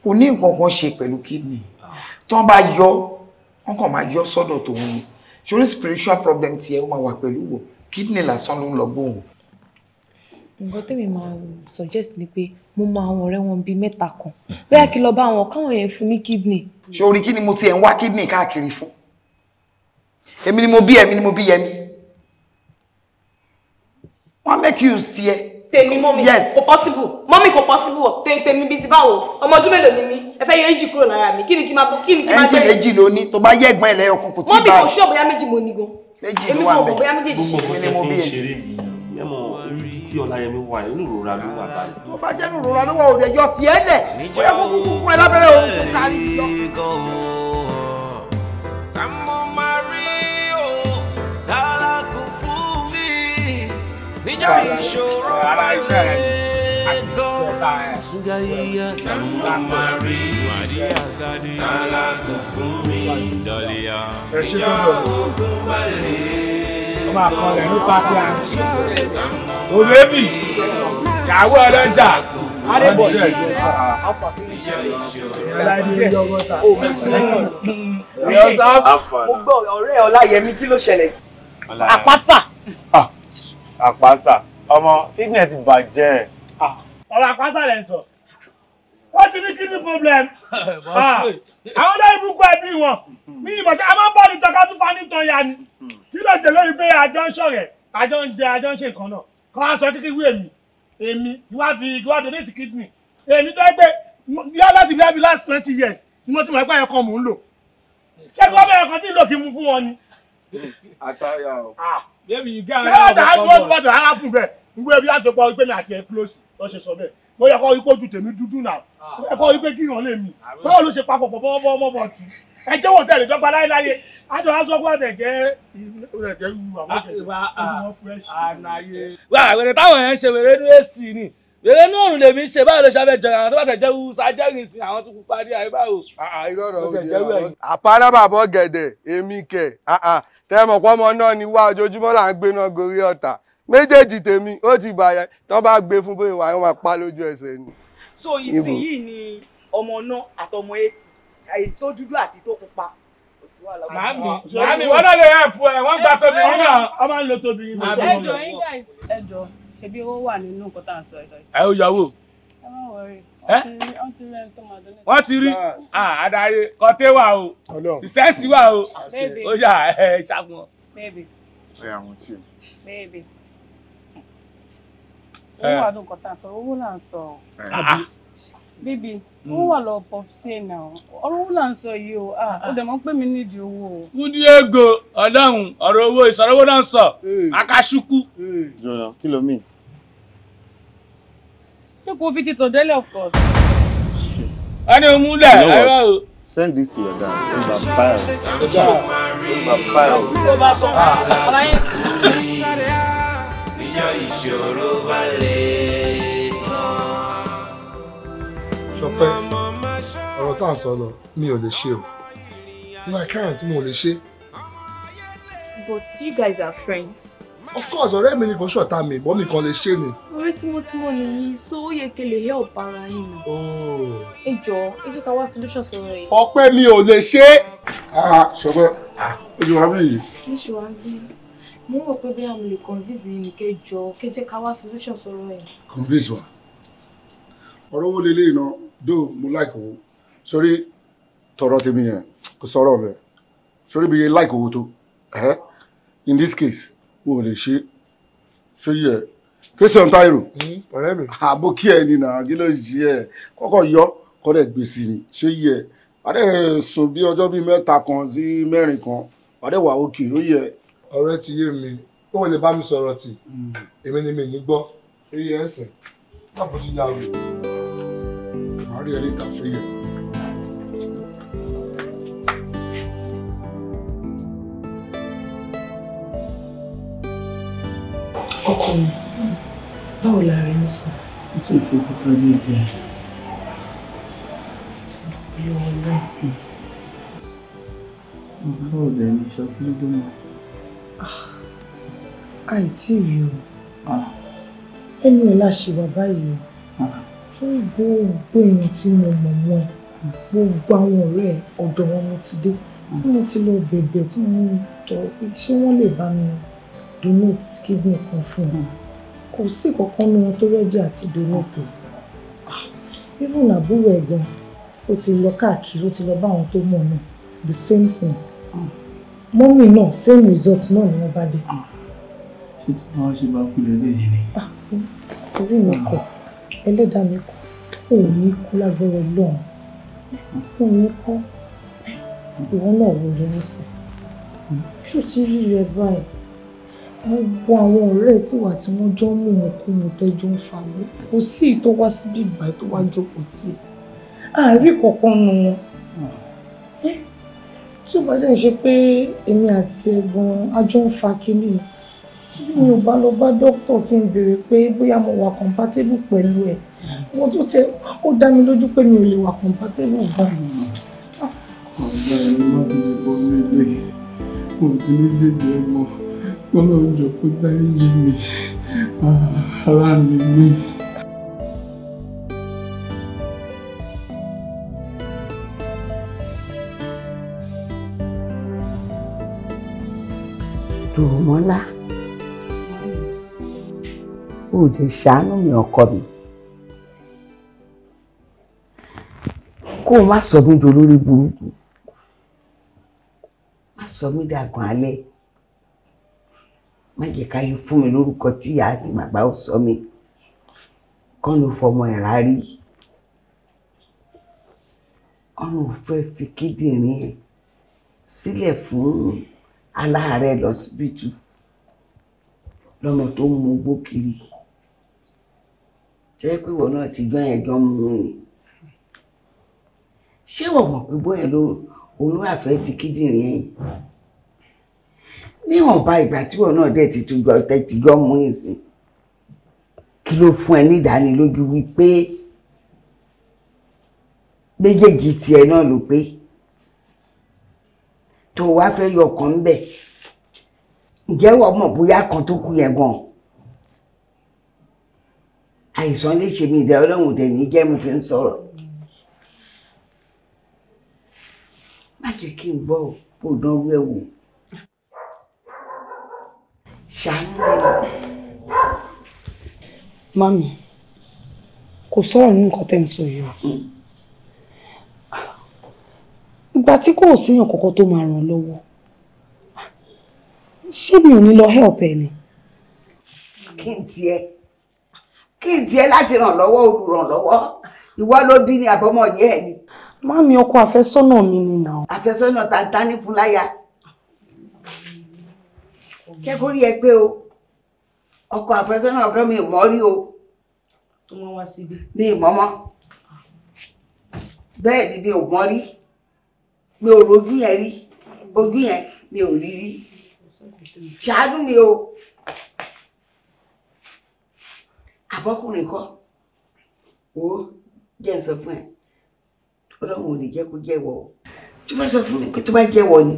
kò ní nǹkan kan ṣe pẹ̀lú kidney tó bá yọ wọn kàn máa yọ sọ́dọ̀ tòun ni ṣorí spiritual problem tiẹ̀ ó máa wà pẹ̀lú wò kidney lásán ló ń lọ gbóhùn. nǹkan tèmi máa suggest ni pé mo mọ àwọn ọ̀rẹ́ wọn bíi mẹ́ta kan bóyá kí lọ bá wọn káwọn yẹn fún ní kidney. ṣorí kí ni mo tiẹ̀ ń wá kidney káàkiri fún èmi ni mo bí èmi ni mo bí yẹmi wọ́n make you see ẹ. tèmi mọ́mi kò possible mọ́mi kò possible tèmi bíi ti báwo ọmọ ọdún mélòó ni mí ẹ fẹ́ yọ èjì kúrò lára mi kí ni kí n máa kí ni kí n máa bẹ̀rẹ̀. ẹnjì méjì ló ní tó bá yẹ ẹ̀gbọ́n ẹ lẹ́yọ kan kò tí ì bá. mọ́mi kò ṣọ́ọ̀bù yá méjì mo ní gan. méjì ló wà bẹ́ẹ̀ gbogbo nǹkan tẹ́ fi ń ṣeré yìí mẹ́mọ̀ ibi tí ọláyẹmí wà inú ìrora ló wà báyìí. tó bá jẹ́ ìrora ló wà òde yọ tiẹ́ lẹ̀ bóyá kó kúkú ara iṣẹ́ rẹ àti ìjọba ẹ̀. Tanu Maria Alákò fún mi dọ̀lìyà. Ìjọ ogun balẹ̀. Ọba àkọlẹ̀ nípa ti à ń ṣe. Olébì, ìyàwó ọlọ́jà, Adébọ̀dé. Ọ̀rẹ́ Ọláyẹmí kí ló ṣẹlẹ̀ sí? Àpáṣà àpáṣà ọmọ kidney ẹ ti bàjẹ́. Ah, ọ̀rọ̀ àpáṣà lẹ̀ ń sọ wọ́n ti ní kidney problem. Ah, àwọn ọ̀dọ́ ibùkún ẹbí wọn ní ìmọ̀ṣẹ́ a máa ń bọ́ ní tọ́ka tún fani tán ya ni kí ló dé lórí pé àjọ ń ṣọ̀rẹ̀ àjọ ń jẹ àjọ ń ṣe nǹkan náà kọ́ wá sọ kékeré èmi èmi kí wá fi kí wá donate kidney èmi tó gbé yá láti bí i last twenty years tí mo ti mọ̀ ẹgbẹ́ ẹ̀kọ́ mò ń lò ṣé kí wọ́n bẹ̀rẹ̀ kan tí ì lò kí n mú fún wọn ni. àtàyà o. Ah. Bébí you get another water. Bẹ́ẹ̀ ni àwọn water á kù bẹ́ẹ̀. Ngbé ebi á ti pọ̀ wípé mi àti ẹ̀ close lọ́ ṣe sọ bẹ́ẹ̀. Mo yẹ kọ́ wípé ojú tèmi dúdú náà. Ah. Mo yẹ kọ́ wípé kí ìrànlẹ́ mi. Báwo ló ṣe papọ̀ pọ̀ bọ́ ọmọ bọ̀ tì? Ẹ jẹ́ wò tẹ̀lé dọ́gba láéláyé. Àjọ aṣọ́gbọ́n àtẹ̀jẹ́ ìrẹ̀jẹ̀ ìwà mọ́tẹ̀jẹ́. Wàá táwọn yẹn ṣe wèrè ní èsì ni. Wèrè ní òrùn lèmi ṣe báwo ló ṣe abẹ́ jọra àwọn tó bá tẹ̀ jẹ́ wúsá jẹ́rìí sí àwọn tó kú parí àyè báwo. Àà ah, ah, irọ́ rọ̀ òde àwọn. Àpárá bàbá gẹ̀dẹ̀ èmi kẹ̀ tẹ́mọ̀ pọ́mọ náà ní wá ojoojúmọ́ là ń gbéná gorí ọ̀tà méjèèjì tèmi ó ti bàyẹ tán bá gbé fún bóyá wàá máa pa lójú ẹsẹ̀ ni. so ìsìn yìí ni ọmọ náà àtọmọ èsì èyí tó dúdú àti tó pupa Màámi, màámi, wọ́n náà lè yẹ ẹ̀fọ́ ẹ̀, wọ́n gba tóbi yín náà. Wọ́n máa ń lo tóbi yín náà. Ẹjọ́ yín ṣebí owó wà nínú nǹkan tá à ń sọ ẹ̀dọ̀ yìí. Ẹ ó yàwó. Ẹ má wọrí wọ́n ti rí ah, adarí kọ́tẹ́ wà o ìsẹ́ǹtì wà o ó yà ẹ ṣàfihàn. ẹ àwọn tí o. owó wà lóko tá a sọ owó là ń sọ o. Ah, ah. bíbí hmm. owó wà lọ pọ sí ẹ náà ọ̀rọ̀ owó là ń sọ yìí o ó dẹ̀ mọ́ pé mi nídìí owó o. fúndí ego ọ̀dọ́hùn ọ̀rọ̀ owó ìsọ̀rọ̀ owó náà ń sọ akásùkú. jọ̀ọ́ kí ló mìíràn ṣé kò fi ti tọ̀dọ̀ of course. ẹni o mú lẹ̀ ẹ bá o. send this to your dad o ma pa ẹ o ma pa ẹ o. o ma pa ọba yẹn. níjọ́ ìṣòro bá lè tán. sọpẹ́ ọ̀rọ̀ tá a sọ lọ mi ò lè ṣe o nígbà kẹrin tí mo lè ṣe. but you guys are friends of course ọ̀rẹ́ mi ni kò ṣọ̀tá mi ìbọn mi kan lè ṣe ni. orí tímọ́tímọ́ nìyí tó ó yẹ kí lè help ara yín ni. Oh. ẹ jọ ẹ jẹ́ ká wá solution sọ̀rọ̀ yìí. fọpẹ́ mi ò lè ṣe. Ah, ṣọpẹ́ ojú wa mi yìí. níṣẹ́ wa ń gbé mo rò pé bí àwọn lè convince yìí ni kẹ́ jọ kẹ́ jẹ́ ká wá solution sọ̀rọ̀ yìí. convince wa ọ̀rọ̀ owó lélẹ́yìn náà dó mo like owó sórí tọ̀rọ̀ tèmi yẹn kò sọ̀rọ̀ bẹ́ẹ̀ sórí bí yẹn like owó tó eh? in this case o ò lè ṣe ṣó yẹ kẹsàn-án táìrò hmm, ọ̀rẹ́ mi àbó ah, kí ẹ nìyà kí ló yí ẹ kọ́kọ́ yọ kọ́dẹ̀ gbèsè ni ṣó yẹ adé sùn bí ọjọ́ bíi mẹ́ta kan sí mẹ́rin kan adé wà òkè ló yẹ. ọ̀rẹ́ ti yé mi ó wọlé bá mi sọ̀rọ̀ tì hmm. èmi ni mi ní gbọ́ ó yẹ ẹsẹ̀ láàbò ti yà wò. màá rí ẹ níta ṣó yẹ. ọkọ mi báwo la rí ń sìn. ó sì fi kúta ní ìdí ẹ. ti dúpẹ́ lọ́wọ́ náà. báwo dẹ̀ ni ṣàtúndé tó mọ̀. àìtí rí o ah. ẹnu ẹ̀ la ṣe wà báyìí o fún ah. gbogbo èèyàn tí mo mọ̀ mọ́ ẹ gbogbo àwọn ọ̀rẹ́ ọ̀dọ̀ wọn mo ti dé tí mo ti lọ bẹ̀bẹ̀ tí mo tọ̀ pé ṣé wọ́n lè bá mi lọ donate kidney kan fún un kò sí kankan nínú tó rẹ́dí àti donate ah, even àbúrò ẹ̀gbọ́n ó ti lọ káàkiri ó ti lọ bá àwọn tó mọ̀ náà the same thing ah. Mommy, náà same result náà ni wọ́n bá dé. Ah. ṣé tí wọ́n ṣe bá kú lẹ́lẹ́yìn ni. orí mi kọ ẹlẹ́dàá mi kọ òun ní kú lágbára ọlọ́run òun ní kọ́ ìwọ náà wò rẹ̀ ń sìn ṣó rí rẹ báyìí gbogbo àwọn ọ̀rẹ́ tí wà tí wọ́n jọ ń mú wọn kú mu tẹ́jọ́ ń fa mi kò sí ìtọ́ wá síbí ìgbà tó wá jókòó tì àárín kankan nu wọn tí ó bá jẹ́ ṣe pé èmi àti ẹ̀gbọ́n ajọ́ ń fa kínní tí mi ò bá lọ bá dókítà kí n béèrè pé bóyá mo wà compatible pẹ̀lú ẹ̀ wọ́n tó tẹ ó dá mi lójú pé mi ò lè wà compatible gan. ọ̀gá ẹni má bí ti bọ́ ní ilé kò tí ní dédé mọ́ ọlọ́run jọ kó dáríjì ah, mi ara mi mi. dùnmọ́lá ò lè ṣàánú mi ọkọ mi kó o má sọ mí dolórí burúkú má sọ mí dàgbọ́n alẹ́ má jẹ́ káyé fún mi lórúkọ tí ìyá àti bàbá ò sọ mi kán ló fọmọ ẹ̀ rárí ọ̀nà ò fẹ́ fi kíndìnrín ẹ̀ sílẹ̀ fún aláàárẹ̀ lọ́sibítù lọ́mọ tó ń mu igbó kiri jẹ́ pé ìwọ náà ti gán yẹn gán mú un ṣé wọ́n mọ̀ pé bóyá olúwàfẹ́ ti kíndìnrín ẹ̀yìn níwọ̀nba ìgbà tí wọn náà dẹ̀ ti tujọ tẹ́tijọ́ mú ìsìn kí ló fún ẹ ní ìdánilójú wípé méjèèjì tiẹ̀ náà ló pé tó wá fẹ́ yọ ọkàn ń bẹ̀ ǹjẹ́ wọ́n mọ̀ bóyá kan tó kú yẹn gan àìsàn lè ṣe mí ìdá ọlọ́run dẹ̀ ní jẹ́ mo fi ń sọ̀rọ̀ má jẹ́ kí n gbọ́ ò dánwó ẹ̀ wò ṣàánú mi. mami kò sọ̀rọ̀ nínú nǹkan tẹ́ ń sọ yìí o ìgbà tí kò síyàn kọ̀ọ̀kan tó máa ràn lọ́wọ́ ṣé mi ò ní lọ help ẹ ni. kí n tiẹ̀ kí n tiẹ̀ láti ràn lọ́wọ́ olùrànlọ́wọ́ ìwọ ló bí ni àbọ̀mọ̀ yẹ́ ẹ̀ ni. mami ọkọ àfẹ́sọ́nà mi ni nà. àfẹ́sọ́nà tàǹtà ní fúláyà jẹ́ kó rí ẹ pé o ọkọ àfẹsọ́nà ọ̀gá mi ò mọ́ rí o tó mọ́ wá síbi ní ìmọ́mọ́ bẹ́ẹ̀ ni mi ò mọ́ rí mi ò rojú yẹn rí ojú yẹn mi ò rí rí ṣáájú mi o àbọ́kùnrin kọ́ o jẹ́ ń sọ fún ẹ ọlọ́run ò ní jẹ́ kó jẹ́wọ́ o tó fẹ́ sọ fún mi pé tó bá jẹ́wọ́ ni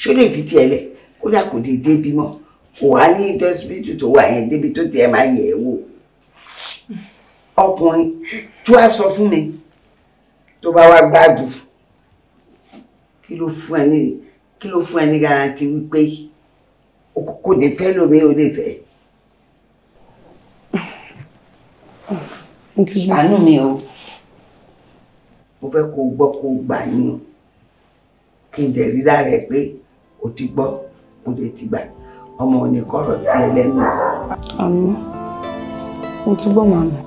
ṣó lè fi tiẹ̀ lẹ̀ kódà kò dé débi mọ́ kò wá ní dọ́sibítù tó wà yẹn débi tó tiẹ̀ máa yẹ̀ ẹ́ wò ọkùnrin tó a sọ fún mi tó bá wá gbádùn kí ló fún ẹ ní kí ló fún ẹ ní garanti wípé kò lè fẹ́ lómi ò lè fẹ́. ṣàánú mi o mo fẹ́ kó gbọ́ kó gbà yín kí n dẹ̀ rí lára ẹ pé o ti gbọ́ mo dẹ̀ ti gbà ọmọ ò ní kọ̀rọ̀ sí ẹlẹ́nu. àmì mo ti gbọ́ màmá.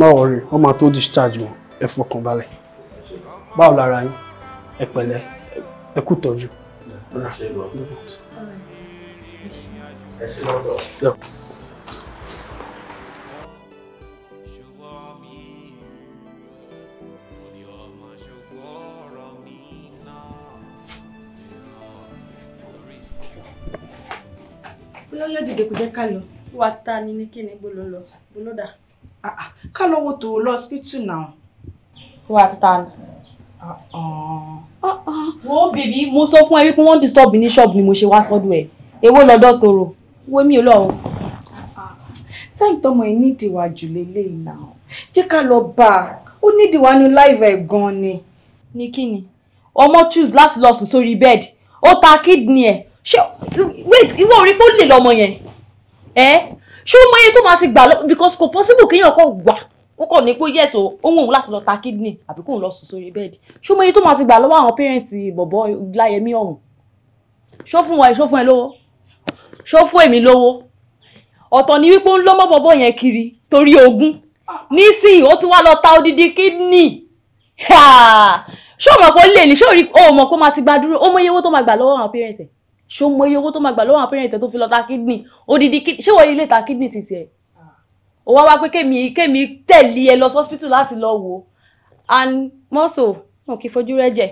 má wọrí wọ́n máa tó discharge wọn ẹ fọkàn balẹ̀ báwo lára yín ẹ pẹ̀lẹ́ ẹ kú tọ́jú. Yeah. lọ́yọ́ dìde kò jẹ́ ká lọ. wà á ti ta ni ní kíni gbóló lọ gbólódà. Ah, ah ká lọ́wọ́ tó lọ hospital náà. wọ́n àti ta ni. Uh-uh. Uh-uh. wo bèbí mo sọ fún ẹ wípé wọ́n disturb ní ṣọ́ọ̀bù ni mo ṣe wá sọ́dọ̀ ẹ̀ èwo lọ́dọ̀ tòrò wo mi ò lọ o. Uh-uh. táìmù tọmọ ẹ nídìí wa jù lélẹ́yìn náà jẹ́ ká lọ bá a ó nídìí wa ní láìvẹ̀ gan ni. ní kíni ọmọ choose láti lọ sùn sórí bẹ́ẹ̀dì ó ta kídìní ẹ̀ ṣé wait ìwọ orí pé ó lè lọmọ yẹn ẹ́ ṣé ó mọ iye tó máa ti gbà lọ because kò possible kéèyàn kọ wà kókò ní pé yes o òun òun láti lọ ta kidney àbí kóun lọ sùn sórí bẹ́ẹ̀dì ṣé ó mọ iye tó máa ti gbà lọ́wọ́ àwọn pẹ́rẹ́ǹtì bọ̀bọ́ láyẹmí ọ̀hún ṣó fún wa ṣó fún ẹ lówó ṣó fún èmi lówó ọ̀tọ̀ ni wípé ó ń lọ́mọ́ bọ̀bọ́ yẹn kiri torí ogún nísìnyí ó ti wá lọ ta odidi kidney ṣé o mọ̀ pé ó lè ní ṣé o mọ̀ pé ó máa ti gbàdúró ó mọ iye owó tó máa gbà lọ́wọ́ àwọn pẹ́rẹ́ǹtì ṣó mọ iye owó tó máa gbà lọ́wọ́ àwọn parent tó fi lọ ta kidney odidi kidney ṣé wọ́n ilé ta kidney ti tiẹ̀ o wá wá pé kémi kémi tẹ̀lé ẹ lọ hospital láti lọ wò ó and mọ́sò wọn kì í fojú rẹ jẹ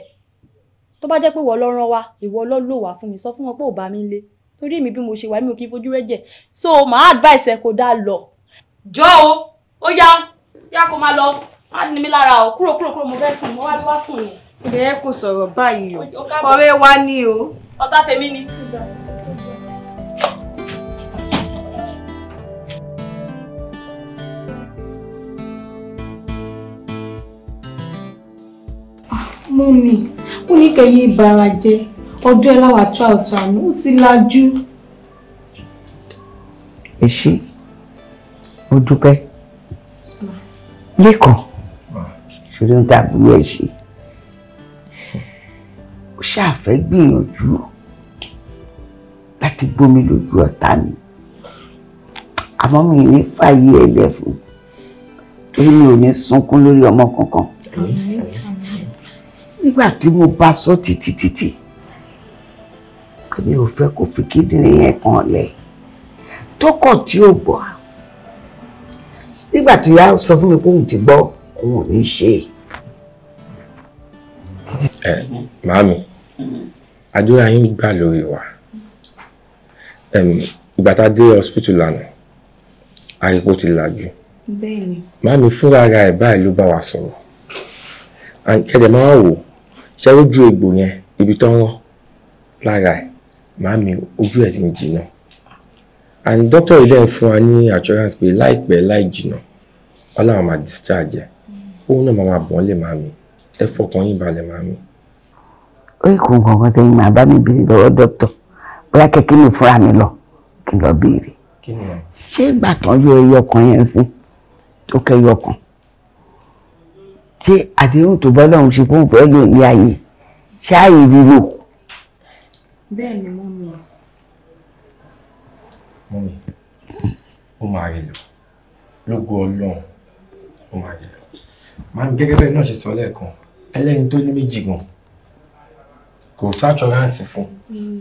tó bá jẹ́ pé wọ́n lọ rán wa ìwọ lọ lò wá fún mi sọ fún wọn pé ò bá mi lé torí èmi bí mo ṣe wà mí ò kì í fojú rẹ jẹ so màá advice ẹ kó dá lọ jọ o ó yá yá kó máa lọ má ní mi lára o kúrò kúrò kúrò mo fẹ́ sùn mo wá bí wá sùn yẹn. ẹ kò sọ̀rọ̀ báyìí o ọ̀rẹ́ wa ni o ọ̀tá tèmi ni. mọ́mí ó ní kẹ́yí bara jẹ́ ọdún ẹ láwàá tó àtọ̀ àmú ó ti lajú. èṣí ó dúpẹ́ lẹ́kọ̀ọ́ ṣòro ń tàbí ẹ̀ṣin ṣàfẹ́ gbìyànjú láti gbómi lójú ọ̀tá mi àmọ́ mi ní fàyè ẹ̀lẹ́ fún torí mi ò ní sunkún lórí ọmọ kankan nígbà tí mo bá sọ títí títí èmi ò fẹ́ kó fi kíndìnrín yẹn kan lẹ̀ tó kọ̀ tí ò gbọ́ nígbà tó yá sọ fún mi pé òun ti gbọ́ òun ò ní ṣe. ẹ màámi àdúrà yín gbà lórí wa ìgbà tá a dé hospital lánàá àríkó ti làjú màmí fúnra ara ẹ̀ báyìí ló bá wa sọ̀rọ̀ kẹ̀dẹ̀ máa wò ṣe ojú egbò yẹn ibi tó ń rán lára ẹ̀ màmí ojú ẹ̀ ti ń jìnnà and doctor ilé ń fún wa ní assurance pé láìpẹ́ láì jìnnà ọlọ́run máa discharge ẹ̀ òun náà máa bọ̀ ọ́ lè màmí ẹ fọkàn yín balẹ̀ mami ó yẹ kó nǹkan kan tẹ́yìn máa bá mi béèrè lọ́wọ́ dókítà bóyá kẹ́kẹ́ mi fúnra mi lọ kí n lọ béèrè ṣé ìgbà tán yọ ẹyọ kan yẹn sí tó kẹyọ kan ṣé àdéhùn tó bọ́ lọ́hùn ṣe fún ìfẹ́ lò ní ayé ṣé ààyè ríro. bẹ́ẹ̀ ni mo mọ̀. mo mi ó máa rí lò lógo ọlọ́run ó máa rí lò máa ń gẹ́gẹ́ bẹ́ẹ̀ náà ṣe sọ lẹ́ẹ̀kan ẹlẹ́ni tó ní méjì gan-an kò sátúránsì fún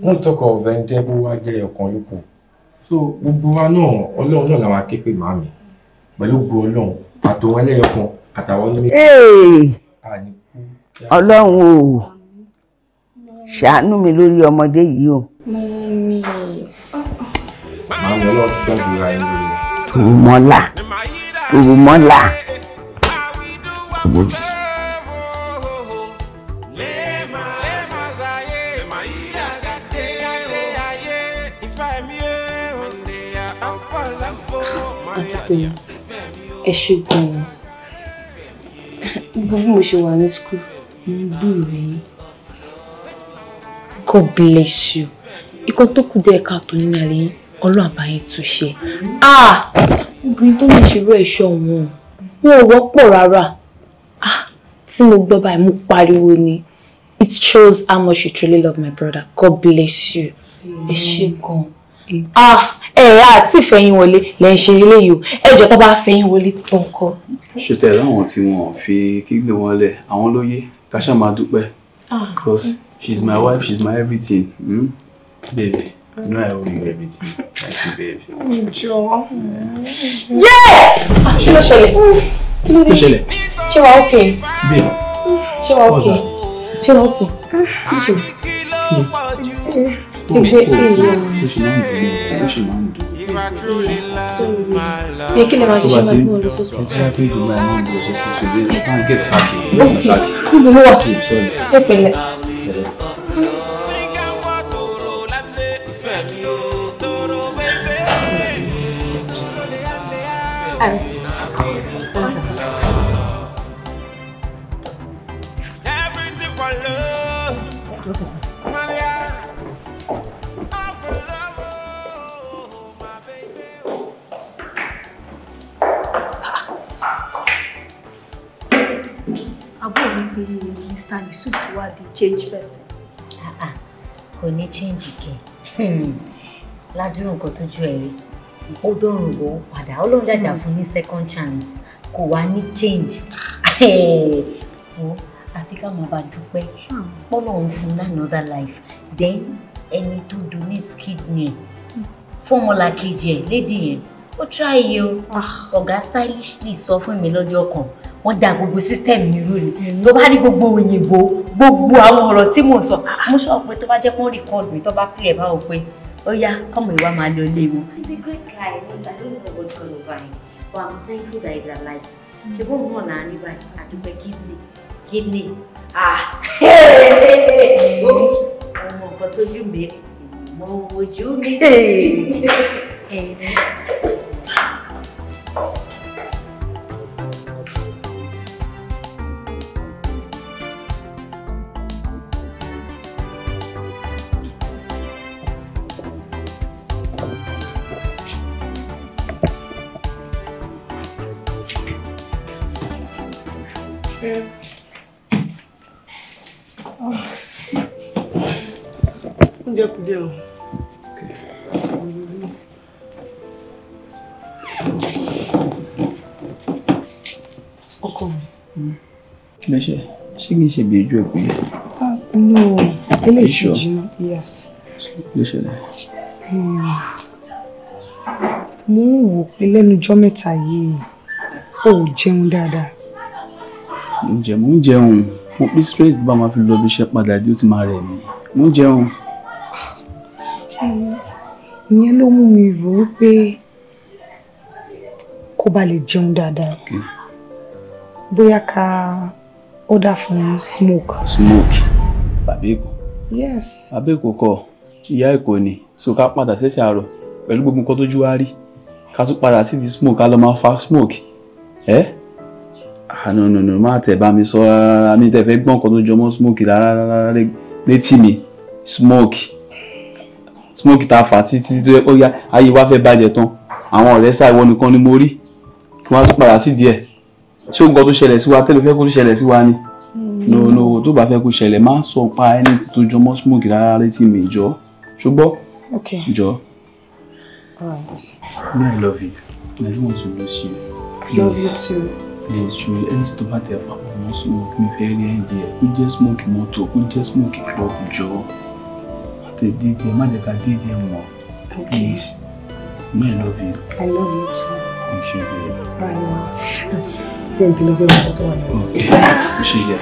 not talk of ẹni tẹ́ bó wá jẹ́ ọkàn yòókù so gbogbo wa náà ọlọ́run náà làwọn akéèpé màá mi pẹ̀lú gbogbo ọlọ́run àtòwọn ẹlẹ́yọkan àtàwọn ní méjì. ọlọ́run o ṣàánú mi lórí ọmọdé yìí o. màá mi ọlọ́run ti gbàgbé ra ẹni lórí rẹ̀. tòun mọ́lá tòun mọ́lá. pé ẹ ṣe gan-an gbogbo bí mo ṣe wà ní school mo ń gbúrò yín God bless you ikọ̀ tó kù díẹ̀ káàtó nínú àlẹ́ yín ọlọ́run àbáyé tún ṣe ah! obìnrin tó ní ìṣirò ẹ̀ṣọ́ wọn wọn ò wọ́pọ̀ rárá ah! tí mo gbọ́ báyìí mo pariwo ni it shows how much you truly love my brother God bless you ẹ ṣe gan-an. Ah, ẹ ẹ àti ìfẹ̀yìn wọlé lẹ ń ṣe eléyìí o ẹjọ́ tó bá fẹ̀yìn wọlé tó ń kọ́. ṣe tẹ̀lé àwọn tí wọn fi kíndùn wọn lẹ̀ àwọn lóye ká ṣáà máa dúpẹ́ ah. because she's my wife she's my everything mm? baby you know I owe you everything thank you baby. ǹjọ́ yẹ́ẹ̀ ah, kí ló ṣẹlẹ̀ hmm, kí ló ṣẹlẹ̀ ṣé wàá ókè ṣé wàá ókè ṣé wàá ókè kí ló ṣẹlẹ̀. Eh pọ̀ Sorry. pé Mr. Yusuf ti wá di change person. Ah, ah, kò ní change kẹ hmm, ládùúrò nǹkan tó ju ẹ rí ó dọ̀rùn bò ó padà ó lóun jàjà hmm. fún ní second chance kò wá ní change àfi ká máa bá dúpẹ́ pọ́lọ̀ hmm. ń fún another life then ẹni tó donate kidney fọ́mọlà kejì ẹ̀ lédi yẹn ó try iye o ah. ọ̀gá stylishly sọ fún mi lọ́jọ́ kan wọ́n da gbogbo system mi rú ni tó bá rí gbogbo òyìnbó gbogbo àwọn ọ̀rọ̀ tí mò ń sọ ah, mo sọ pé tó bá jẹ́ pọ́n record mi tó bá pè ẹ̀ báwo pé ó yá kọ́mọ ìwà máa lọ lé wọn. he's a great guy i don't know what kind of guy but i'm thankful that he's alive ṣùgbọ́n òun náà là á ní báyìí àdúpẹ́ kidney kidney ah ọmọ nǹkan tójú mi mọ ojú mi. oúnjẹ kù díẹ̀ o. ọkọ mi. kí ló ṣe ṣé kì í ṣe bí ojú òkú yẹn. no eléyìí ti jìnnà yes. kí ló ṣẹlẹ̀. mo ń wò pé lẹ́nu ọjọ́ mẹ́ta yìí ò jẹun dáadáa mo ń jẹ mo ń jẹun mo bí stress bá máa fi lọ bí iṣẹ́ padà dé ó ti máa rẹ̀ mí mo ń jẹun. ìyẹn ló mú mi rò ó pé kó ba lè jẹun dáadáa bóyá ká order fún smoke. smoke bàbá èkó. yes. bàbá èkó kọ ìyá èkó ni so ká padà sẹ́sẹ̀ àárọ̀ pẹ̀lú gbogbo nǹkan tójú wa rí ká tún padà sí di smoke ká lọ máa fa smoke. Eh? Ah, no no no má tẹ̀ bá mi sọ rárá mi tẹ̀ fẹ́ gbọ́n nǹkan tó jọmọ́ smoke rárá rárá létí mi smoke smoke ta fà títí tó yẹ kó yá ayé wa fẹ́ bàjẹ́ tán àwọn ọ̀rẹ́ sá ìwọ nìkan ni mo rí kí wọ́n tún padà sí díẹ̀ ṣé ó gbọ́ tó ṣẹlẹ̀ sí wa tẹ́lẹ̀ fẹ́ kó ṣẹlẹ̀ sí wa ni no no tó bá fẹ́ kó ṣẹlẹ̀ má sọ pa ẹni tó jọmọ́ smoke rárá létí mi jọ ṣùgbọ́ jọ. All right. Me, I love you. I don't want to lose you. Please. I love you too please you ẹni tó bá tẹ papọ̀ mọ́ smoke mi fẹ́ rí ẹ̀dí ẹ̀ kó smoke mọ́tò kó jẹ́ smoke club jọ àti dídí ẹ má jẹ́ ká dídí ẹ please no i love you. i love you too. thank you babe. bye now. Thank you. ló gbé mi tó wà lọ́wọ́. ok ṣe yẹ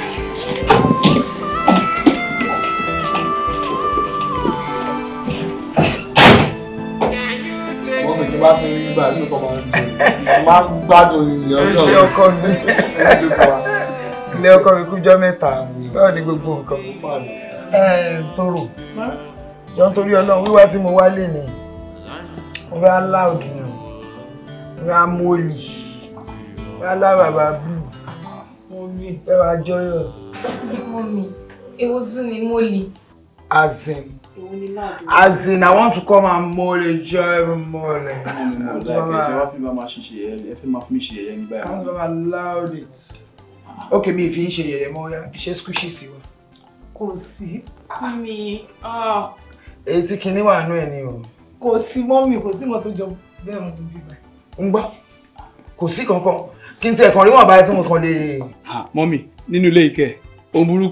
máa ń gbádùn ìyẹn ọjọ́ mi. iṣẹ́ ọkọ mi ilé ọkọ mi kújọ́ mẹ́ta báwo ni gbogbo nǹkan mi pa mi. toro jọ nítorí ọlọ́run wíwá tí mo wá lè ní mo fẹ́ aláùdù nù mo fẹ́ amóòlì mo fẹ́ alábàbà blu mo fẹ́ wá joyous. èwo tún ni mo lè. azim as in i want to come and mole jẹ ẹrù mole. i'm gonna allow it. Ah. Okay, me fi ń ṣe yẹ̀yẹ̀ mọ́ ya ṣé squishy sí wa. kò sí. mi ah. èyí tí kinní wà nú ẹ ni o. kò sí mọ́mì kò sí nǹkan tó jọ bẹ́ẹ̀ mo tó bí báyìí. ń gbọ́ mommy, sí kankan kí n tiẹ̀ kàn mo kàn lè. Ah, mọ́mì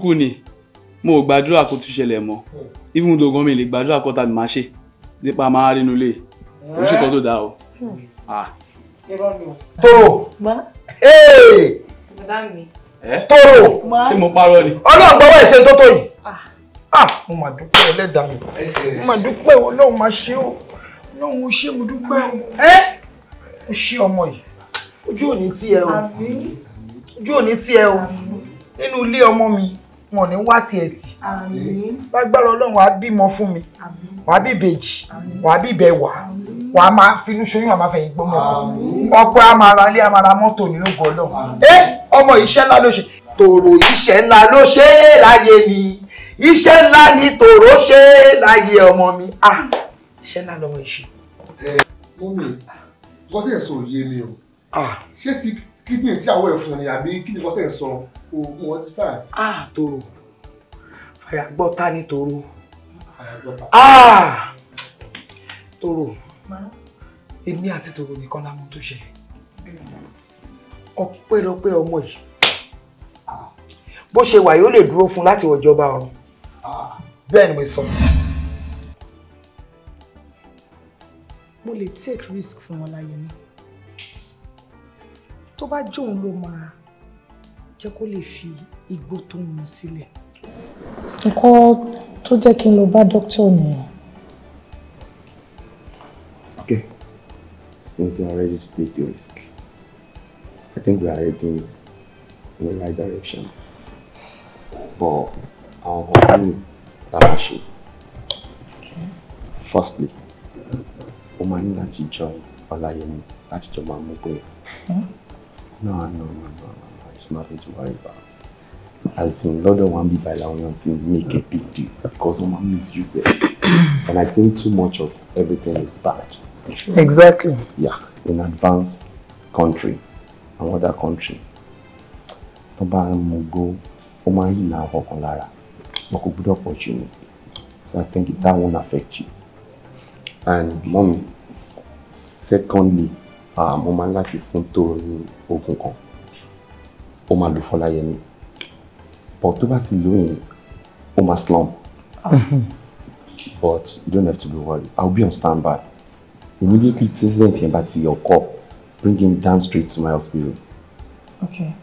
nínú mo even though gan mi lè gbàdúrà kọ́ tàbí máa ṣe nípa máa rí inú ilé o sí kan tó dáa o. Hmm. Ah. toro toro ṣé mo parọ́ ni. ọlọ́run gbọ́wọ́ ìṣe tó tó yìí ah. Ah, mo mà dúpẹ́ ẹlẹ́dàá mi mo mà dúpẹ́ ọlọ́run máa ṣe o ọlọ́run ó ṣe mo dúpẹ́ o ó ṣe ọmọ yìí ojú ò ní tì ẹ́ o ojú ò ní tì ẹ́ o nínú ilé ọmọ mi wọn ò ní wá tiẹ̀ tì lágbára ọlọ́run wàá bímọ fún mi wàá bí ìbejì wàá bí ìbẹ̀wàá wà á máa finú ṣoyún àmà fẹ̀yìn gbọ́mọ ọpẹ́ a máa ra ilé a máa ra mọ́tò nínú gọ́ọ̀lọ́ ẹ ọmọ iṣẹ́ ńlá ló ṣe tòrò iṣẹ́ ńlá ló ṣe é láyé mi iṣẹ́ ńlá ni tòrò ṣe é láyé ọmọ mi à ah, iṣẹ́ ńlá lọmọ ìṣe. Eh, ẹ mọ́mí kọ́tẹ́ sọ òye mi o ah. ṣé sick kidney tí àwọ̀ ẹ̀ fún ni àbí kidney kọ́tẹ̀ ń sọ oògùn ọtí star. ah toro fàyàgbọ́ta ni toro. fàyàgbọ́ta. ah toro èmi àti toro nìkan la mú tó ṣe ọpẹ́lọpẹ́ ọmọ yìí bó ṣe wà yóò lè dúró fún láti wọjọba ọrùn bẹ́ẹ̀ ni mo sọ. mo lè take risk fún wọn láyé mi tó bá jóun ló máa jẹ́ kó lè fi igbó tó ń mu sílẹ̀. nǹkan tó jẹ́ kí n lọ bá dókítà nìyẹn. Okay, since you are ready to take the risk, I think we are heading in the right direction. But àwọn ọ̀hún mi la máa ṣe. Firstly, o máa ní láti join Ọláyẹmí láti jọ máa mú bóyá no no no no no it's nothing to worry about as in lọ́dọ̀ wọn be báyìí làwọn yàn ti make a big deal because wọn máa it and I think too much of everything is bad. exactly. yeah in advanced country and other country tó bá ń mú gbó ó máa ń yí ìlànà ọkàn lára wọn kò so I think that won't affect you and mommy secondly mo máa ń láti fún tóró ní oògùn kan ó máa lò fọláyẹmí but tó bá ti lóyún ó máa slump but you don't have to be worried i will be on standby immediately tí incident yẹn bá ti occur bring him down straight to my hospital okay.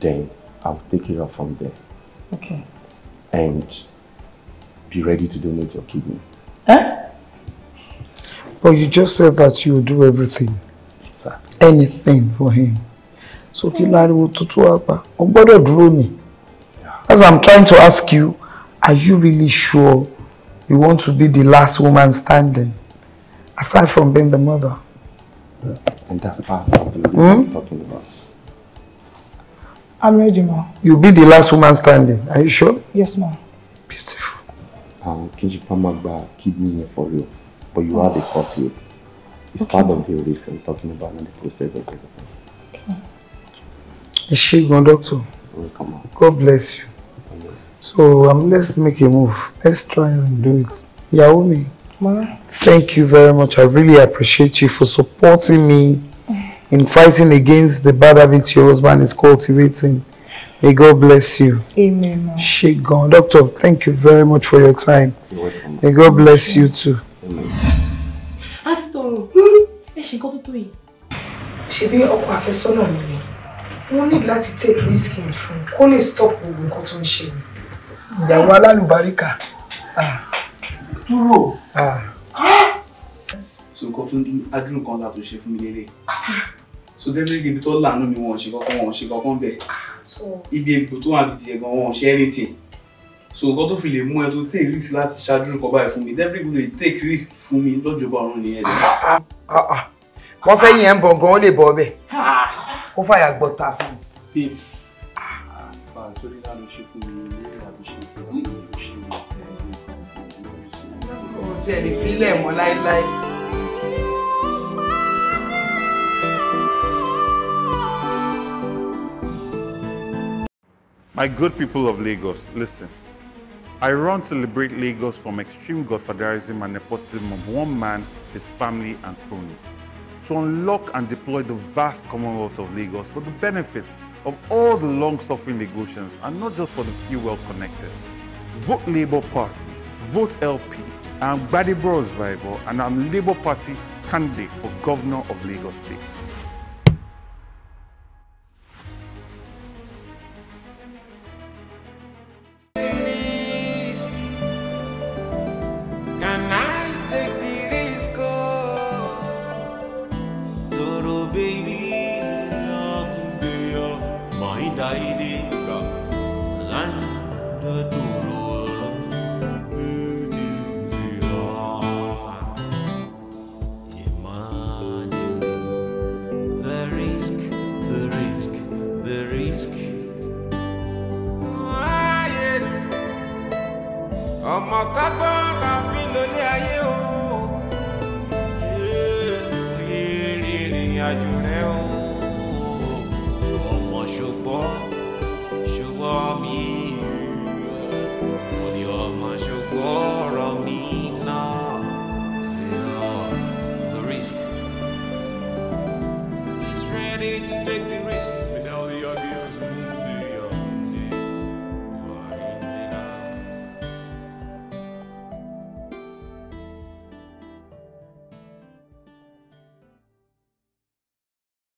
then i will take care of from there okay. and be ready to donate your kidney. Eh? But you just said that you do everything sir. anything for him so kí láriwo tuntun wá pa o gbọ́dọ̀ dúró ni as i'm trying to ask you are you really sure you want to be the last woman standing aside from being the mother. and that's part of the reason hmm? i'm talking about. i'm ready ma. you be the last woman standing are you sure. yes ma. beautiful. àwọn kejì pa máa gba kidney for real but you are the fourth year. It's okay. part of the risk I'm talking about and the process of everything. Is she gone, doctor? Come On. God bless you. So um, let's make a move. Let's try and do it. Yaomi, thank you very much. I really appreciate you for supporting me in fighting against the bad habits your husband is cultivating. May God bless you. Amen. Ma. She gone. Doctor, thank you very much for your time. May God bless you too. Amen ẹ ṣe nǹkan tó tó yìí. ṣebí ọkọ àfẹ́sọ́nà mi ni wọ́n ní láti take risk in fún kó lè stop gbogbo nǹkan tó ń ṣe mi. ìyàwó alálùbáríkà ah. dúró. Ah. so nǹkan tó ní adúrú kan la tó ṣe fún mi lélẹ̀ so definitely ibi tó lànà mi wọn ò ṣe kankan wọn ò ṣe kankan bẹ́ẹ̀ ah. ibi ègbò tó wà bìtì ẹ̀gbọ́n wọn ò ṣe anything so nǹkan tó fi lè mú ẹ tó take risk láti ṣáájú nǹkan báyìí fún mi every good day take risk fún mi lọ́jọ́bọ̀ ọ̀run nìyẹn. Ah, ah, ah, wọ́n fẹ́ yẹn ń bọ̀ gan-an ó lè bọ̀ ọbẹ̀ ó fàyà gbọ́ ta fún mi. babe bá a sórí náà ló ṣe fún mi lórí àbíṣe tí wọ́n mọ́ láéláé. My good people of Lagos, listen. I run to liberate Lagos from extreme godfatherism and nepotism of one man, his family, and cronies, to unlock and deploy the vast Commonwealth of Lagos for the benefits of all the long-suffering Lagosians and not just for the few well-connected. Vote Labour Party, vote LP. I'm Buddy Bros Bible and I'm Labour Party candidate for Governor of Lagos State.